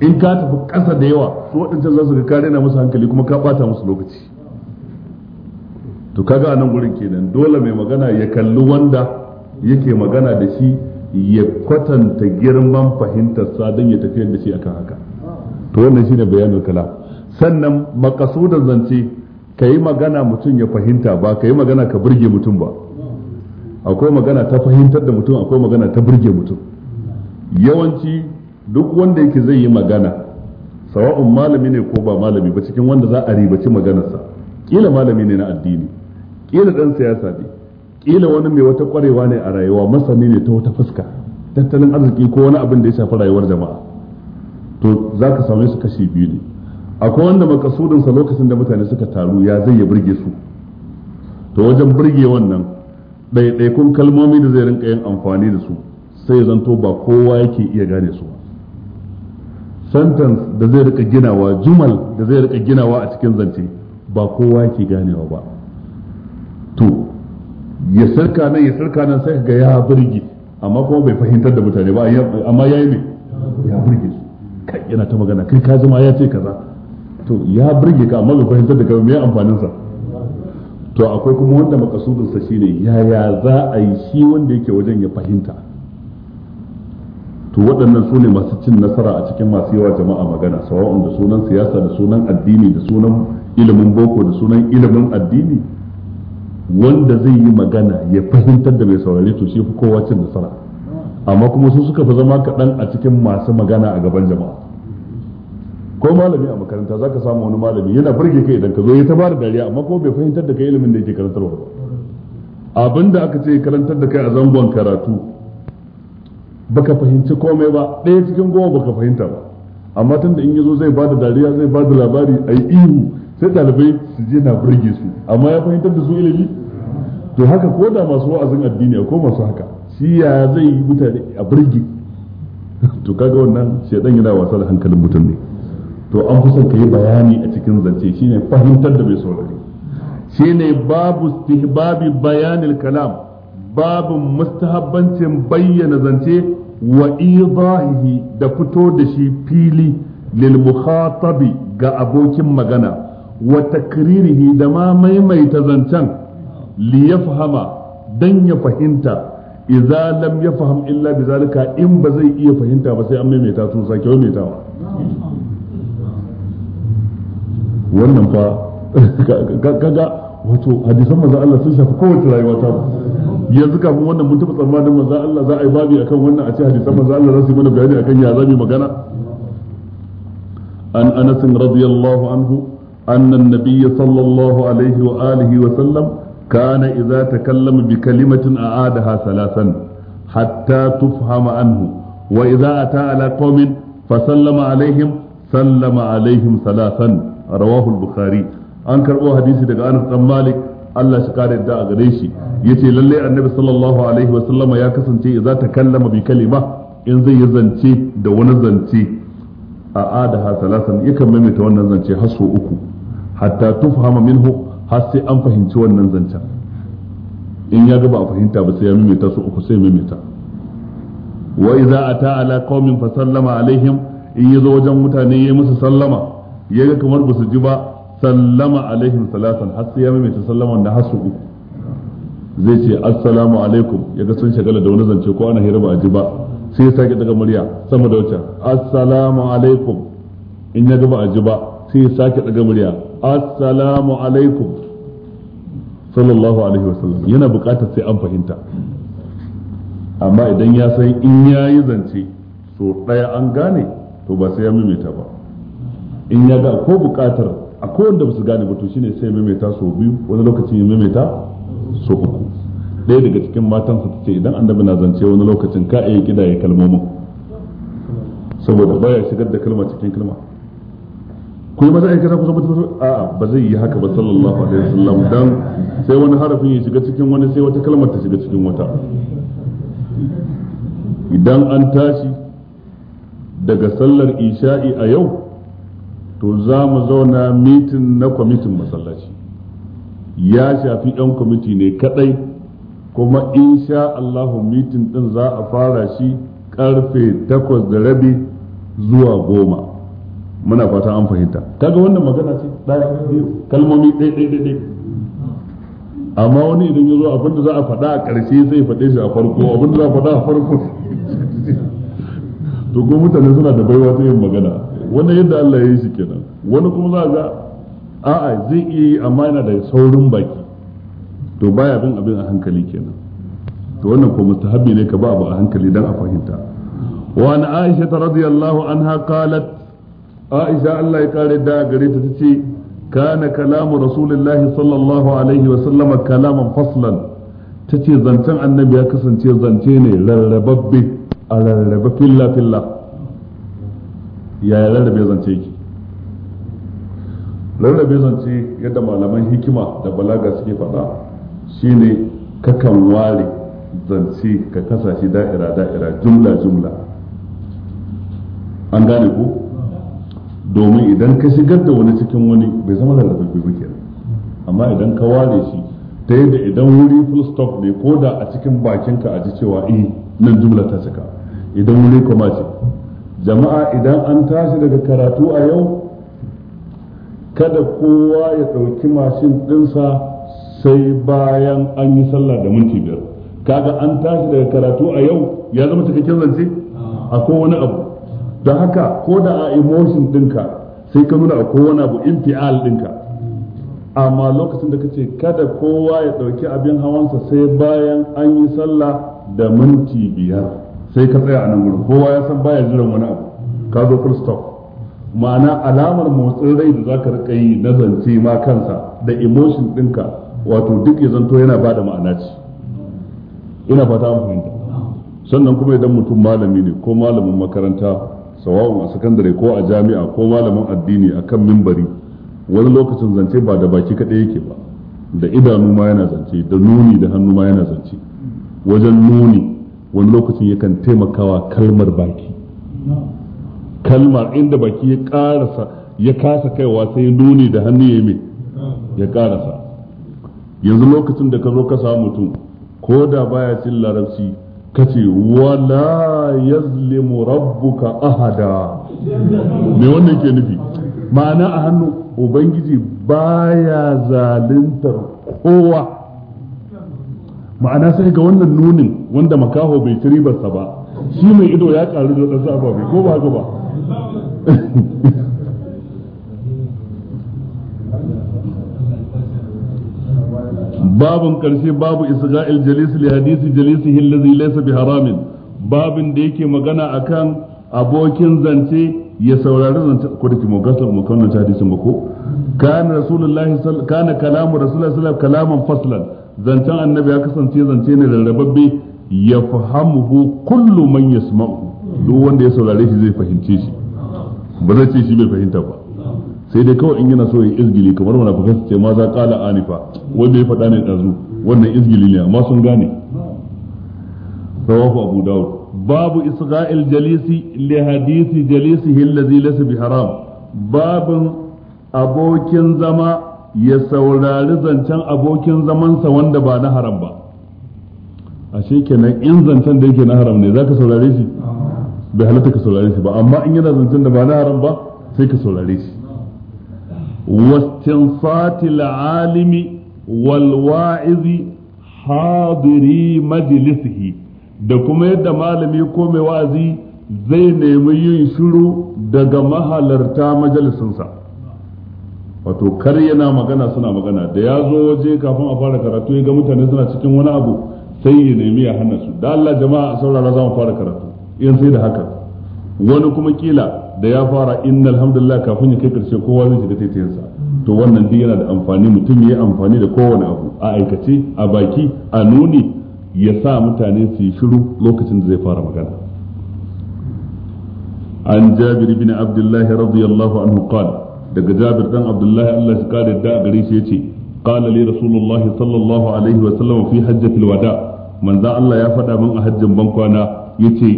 in ka tafi ƙasa da yawa su waɗancan za su ga ka daina musu hankali kuma ka ɓata musu lokaci to kaga a nan gurin kenan dole mai magana ya kalli wanda yake magana da shi ya kwatanta girman fahimtarsa sa don ya tafiyar da shi akan haka to wannan shi ne bayanin kalam sannan makasudan zance ka yi magana mutum ya fahimta ba ka yi magana ka burge mutum ba akwai magana ta fahimtar da mutum akwai magana ta burge mutum yawanci duk wanda yake zai yi magana sawa'un malami ne ko ba malami ba cikin wanda za a ribaci maganarsa kila malami ne na addini kila dan siyasa ne kila wani mai wata kwarewa ne a rayuwa masani ne ta wata fuska tattalin arziki ko wani abin da ya shafi rayuwar jama'a to za ka same su kashi biyu ne akwai wanda makasudinsa lokacin da mutane suka taru ya zai ya burge su to wajen burge wannan ɗaiɗaikun kalmomi da zai rinka yin amfani da su sai zanto ba kowa yake iya gane su sentence da zai rika ginawa jumal da zai rika ginawa a cikin zance ba kowa yake ganewa ba to ya sarka nan ya sarka nan sai ga ya burge amma kuma bai fahimtar da mutane ba amma yayi ne. ya burge su kai yana ta magana kai ka zama ya ce kaza to ya burge ka amma bai fahimtar da kai me amfanin sa to akwai kuma wanda makasudin sa shine yaya za a yi shi wanda yake wajen ya fahimta to waɗannan su ne masu cin nasara a cikin masu yawa jama'a magana sawa'un da sunan siyasa da sunan addini da sunan ilimin boko da sunan ilimin addini wanda zai yi magana ya fahimtar da mai saurari to shi fi kowa cin nasara amma kuma su suka fi zama kaɗan a cikin masu magana a gaban jama'a ko malami a makaranta zaka samu wani malami yana burge kai idan ka zo ya ta dariya amma kuma bai fahimtar da kai ilimin da yake karantarwa ba da aka ce karantar da kai a zangon karatu baka fahimci komai ba ɗaya cikin goma baka fahimta ba amma tunda in yazo zai bada dariya zai bada labari ai ihu sai dalibai su je na burge su amma ya fahimtar da su ilimi to haka ko da masu wa'azin addini ko masu haka shi ya zai yi mutane a burge to kaga wannan shedan yana wasa da hankalin mutum ne to an fi son ka yi bayani a cikin zance shine fahimtar da bai saurari shine babu istihbabi bayanin kalam babu mustahabbancin bayyana zance wa idahihi da fito da shi fili lil mukhatabi ga abokin magana wa takririhi ma maimaita zancen li yafhama dan ya fahimta idza lam yafham illa bi zalika in ba zai iya fahimta ba sai an maimaita sake maimaitawa wannan fa kaga wato hadisan manzo Allah sun shafi kowace rayuwa ta yanzu kafin wannan mun tsammanin manzo Allah za a yi babi akan wannan a ce hadisan manzo Allah za su yi mana bayani akan ya zamu magana an Anas radiyallahu anhu أن النبي صلى الله عليه وآله وسلم كان إذا تكلم بكلمة أعادها ثلاثا حتى تفهم عنه وإذا أتى على قوم فسلم عليهم سلم عليهم ثلاثا رواه البخاري أنكر أو حديث دقاء أنس مالك Allah shi kare da a gare shi ce lallai annabi sallallahu alaihi wa sallama ya kasance idza kallama bi kalima in zai yi zance da wani zance a adaha salasan yakan maimaita wannan zance har uku hatta tufhama minhu har sai an fahimci wannan zancen in ya ga ba a fahimta ba sai ya mimita su uku sai mimita wa idza ata ala qaumin fa sallama alaihim in yazo wajen mutane yayi musu sallama yaga kamar ba su ji ba sallama alaihim salatan har sai ya mimita sallaman da har su uku zai ce assalamu alaikum yaga sun shagala da wani zance ko ana hira ba a ji ba sai ya sake daga murya sama da wuce assalamu alaikum in ya ga ba a ji ba sai sake daga murya assalamu alaikum sallallahu alaihi wasallam yana bukatar sai an fahimta amma idan ya san in ya yi zance so ɗaya an gane to ba sai ya maimaita ba in ya ga ko buƙatar a wanda ba su gane ba to shine sai ya maimaita so biyu wani lokacin ya maimaita so uku ɗaya daga cikin matan su ce idan annabi na zance wani lokacin ka iya kida ya kalmomin saboda baya shigar da kalma cikin kalma ku yi maza aiki na kusa mutum a ba zai yi haka ba sallallahu alaihi wasallam dan sai wani harafin ya shiga cikin wani sai wata kalmar ta shiga cikin wata idan an tashi daga sallar isha'i a yau to za mu zauna mitin na kwamitin masallaci ya shafi 'yan kwamiti ne kadai kuma insha Allahu mitin din za a fara shi karfe takwas da rabi zuwa goma muna fata an fahimta kaga wannan magana ce ɗaya biyu kalmomi ɗai ɗai ɗai amma wani idan ya zo abinda za a faɗa a ƙarshe sai faɗe shi a farko abinda za a faɗa a farko to kuma mutane suna da baiwa ta yin magana wani yadda Allah ya yi shi kenan wani kuma za a ga a'a zai iya yi amma yana da saurin baki to baya bin abin a hankali kenan to wannan ko mustahabi ne ka ba abu a hankali dan a fahimta wa an aisha radiyallahu anha qalat Aisha Allah ya kare da gare ta tace kana kalamu rasulullahi sallallahu alaihi wa sallama kalaman faslan tace zancen annabi ya kasance zance ne rarrababbe a rarrabe filla filla yaya rarrabe zance ki rarrabe zance yadda malaman hikima da balaga suke faɗa shine kakan ware zance ka kasa shi da'ira da'ira jumla jumla an gane ku domin idan ka shigar da wani cikin wani bai zama lalata ba kenan amma idan ka ware shi ta yadda idan wuri full stop ne ko da a cikin bakinka a ji cewa eh nan jumla ta cika idan wuri kuma ce jama'a idan an tashi daga karatu a yau kada kowa ya ɗauki mashin ɗinsa sai bayan an yi sallah da minti biyar kaga an tashi daga karatu a yau ya zama cikakken zance a wani abu don haka ko da a emotion dinka sai ka nuna akwai wani abu infial dinka, amma lokacin da ka ce kada kowa ya ɗauki abin hawansa sai bayan an yi sallah da minti biyar sai ka tsaya a nan wurin kowa ya san baya jiran wani abu ka zo full stop ma'ana alamar motsin rai da zaka rika yi na zance ma kansa da emotion ɗinka wato duk ya zanto yana bada ma'ana ce ina fata an fahimta sannan kuma idan mutum malami ne ko malamin makaranta sawawun a sakandare ko a jami'a ko malamin addini a kan mimbari wani lokacin zance ba da baki kaɗai yake ba da idanu ma yana zance da nuni da hannu ma yana zance wajen nuni wani lokacin yakan taimakawa kalmar baki kalmar inda baki ya karasa ya kasa kaiwa sai nuni da hannu ya mai ya karasa yanzu lokacin da ka zo ka samu mutum ko da baya cin larabci kace wala yazlimu rabbuka ahada me wannan ke nufi ma'ana a hannu ubangiji baya zaluntar kowa ma'ana sai ga wannan nunin wanda makaho bai ci ribarsa ba shi mai ido ya karu da wadansu ababe ko ba haka ba babin karshe babu isra'il jalis li hadisi jalisihi allazi laysa bi haramin babin da yake magana akan abokin zance ya saurari zance ko da kimo gasar mu kan ta hadisin ba ko kana rasulullahi kana kalamu rasulullahi sallallahu kalaman faslan zancen annabi ya kasance zance ne rarrababbe ya fahamuhu kullu man yasma'u duk wanda ya saurare shi zai fahimce shi ba zai ce shi bai fahimta ba sai dai kawai in yana so ya izgili kamar munafikan su ce ma za qala anifa wanda ya faɗa ne ɗazu wannan izgili ne amma sun gane rawahu abu daud babu isra'il jalisi li hadisi jalisihi allazi laysa bi haram babin abokin zama ya saurari zancen abokin zamansa wanda ba na haram ba ashe kenan in zancen da yake na haram ne zaka saurare shi bai halatta ka saurare shi ba amma in yana zancen da ba na haram ba sai ka saurare shi واستنصات العالم والواعظ حاضري مجلسه da kuma yadda malami ko mai wa'azi zai nemi yin shiru daga mahalarta majalisinsa wato kar yana magana suna magana da ya zo waje kafin a fara karatu ya ga mutane suna cikin wani abu sai ya nemi ya hana da Allah jama'a a saurara za mu fara karatu in sai da haka wani kuma kila da ya fara inna alhamdulillah kafin ya kai karshe kowa zai shiga taitayinsa to wannan duk yana da amfani mutum ya yi amfani da kowane abu a aikace a baki a nuni ya sa mutane su yi shiru lokacin da zai fara magana an jabir bin abdullahi radiyallahu anhu qala daga jabir dan abdullahi Allah shi kare da gare shi yace qala li rasulullahi sallallahu alaihi wa sallam fi hajjatil wada manzo Allah ya faɗa min a hajjin kwana yace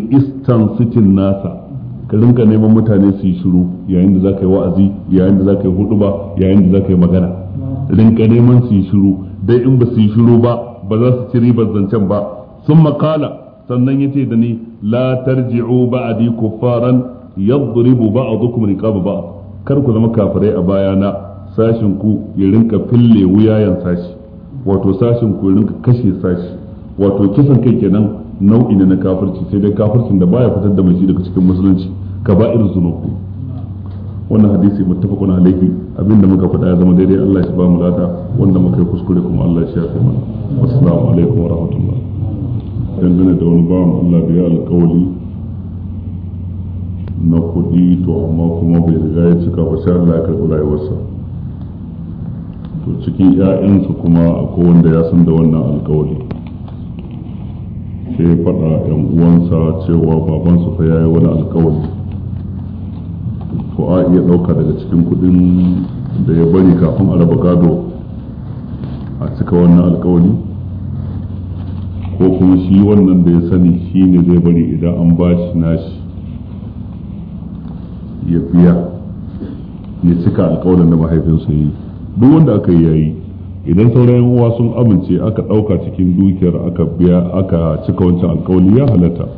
sitin nasa ka rinka neman mutane su yi shiru yayin da za ka yi wa'azi yayin da za ka yi huduba yayin da za ka yi magana rinka neman su yi shiru dai in ba su yi shiru ba ba za su ci ribar zancen ba sun makala sannan ya ce da ni la tarji'u ba'di kuffaran yadribu ba'dukum riqaba ba kar ku zama kafirai a bayana sashin ku ya rinka fille wuyayen sashi wato sashin ku ya rinka kashe sashi wato kisan kai kenan nau'i ne na kafirci sai dai kafircin da baya fitar da mai daga cikin musulunci kaba'ir zunub wannan hadisi muttafaqun Alayhi. abinda muka faɗa ya zama daidai Allah ya ba mu lada wanda muka yi kuskure kuma Allah ya shafe mana assalamu alaikum wa rahmatullah dangane da wani bawan Allah bai na kuɗi to amma kuma bai riga ya cika ba sai Allah ya karɓi rayuwarsa to cikin ƴaƴansu kuma akwai wanda ya san da wannan alƙawari sai faɗa 'yan uwansa cewa babansu fa ya yi wani alkawari ko a iya ɗauka daga cikin kuɗin da ya bari kafin a raba gado a cika wannan alkawari ko kuma shi wannan da ya sani shi ne zai bari idan an ba shi nashi ya biya ya cika alkawarin da mahaifinsa yi duk wanda aka yi yayi idan sauran uwa sun amince aka ɗauka cikin dukiyar aka biya aka cika wancan alkawali ya halatta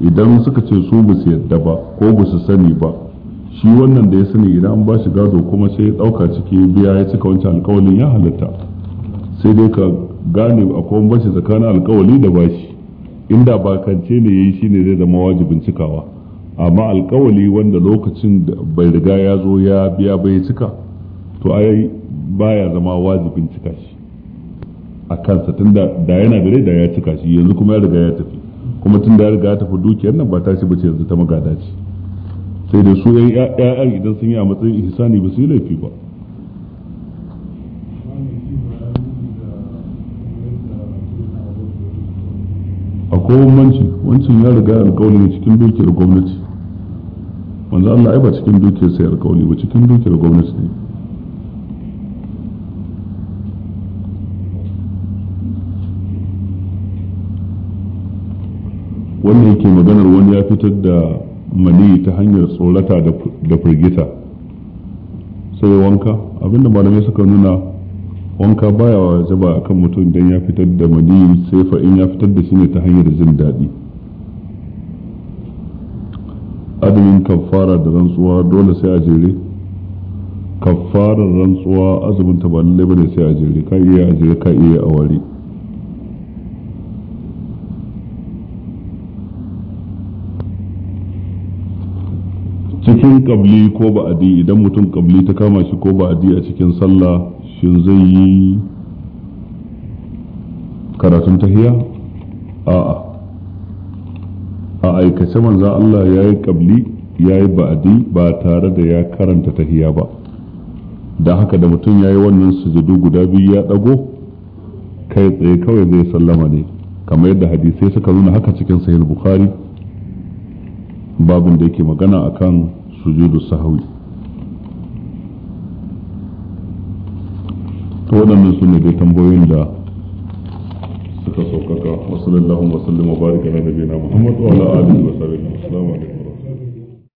idan suka ce su ba su yadda ba ko ba su sani ba shi wannan da ya sani idan an ba shi gado kuma sai ya ɗauka ciki biya ya cika wancan alkawalin ya halatta sai dai ka gane akwai bashi tsakanin alkawali da bashi inda kance ne yayi shine zai zama wajibin cikawa amma alkawali wanda lokacin bai riga ya zo ya biya bai cika to ai baya zama wajibin cika shi a kansa tunda da yana da rai da ya cika shi yanzu kuma ya riga ya tafi kuma tunda ya riga ya tafi dukiyar nan ba ta shi bace yanzu ta magada ce sai da su ‘ya'yan idan sun yi a matsayin ihsani ba su yi laifi ba akwai wancin wancan ya riga alkawali ne cikin dukiyar gwamnati wanda Allah ai ba cikin dukiyar sai alkawali ba cikin dukiyar gwamnati ne wannan yake maganar wani ya fitar da maniyi ta hanyar tsorata da firgita sai wanka abinda malamai suka nuna wanka baya a akan mutum idan ya fitar da maniyi sai fa in ya fitar da shi ne ta hanyar jin daɗi adamin kafara da rantsuwa dole sai a jere kafarar rantsuwa azumin ta ba lallai bane sai a jere ka iya a jere ka iya a ware cikin kabli ko ba'adi idan mutum kabli ta kama shi ko ba'adi a cikin sallah shin zai yi karatun tahiya a'a a aikace manzan Allah ya yi kabli ya yi ba'adi ba tare da ya karanta tahiya ba da haka da mutum ya yi wannan sujudu guda biyu ya ɗago kai tsaye kawai zai sallama ne kamar yadda hadisai suka nuna haka cikin sahih bukhari babin da yake magana akan sujudu sahwi to waɗannan su tambayoyin da suka saukaka wasu lallahu wasallam wa barika na nabiyina muhammad wa ala alihi wa sallam assalamu alaikum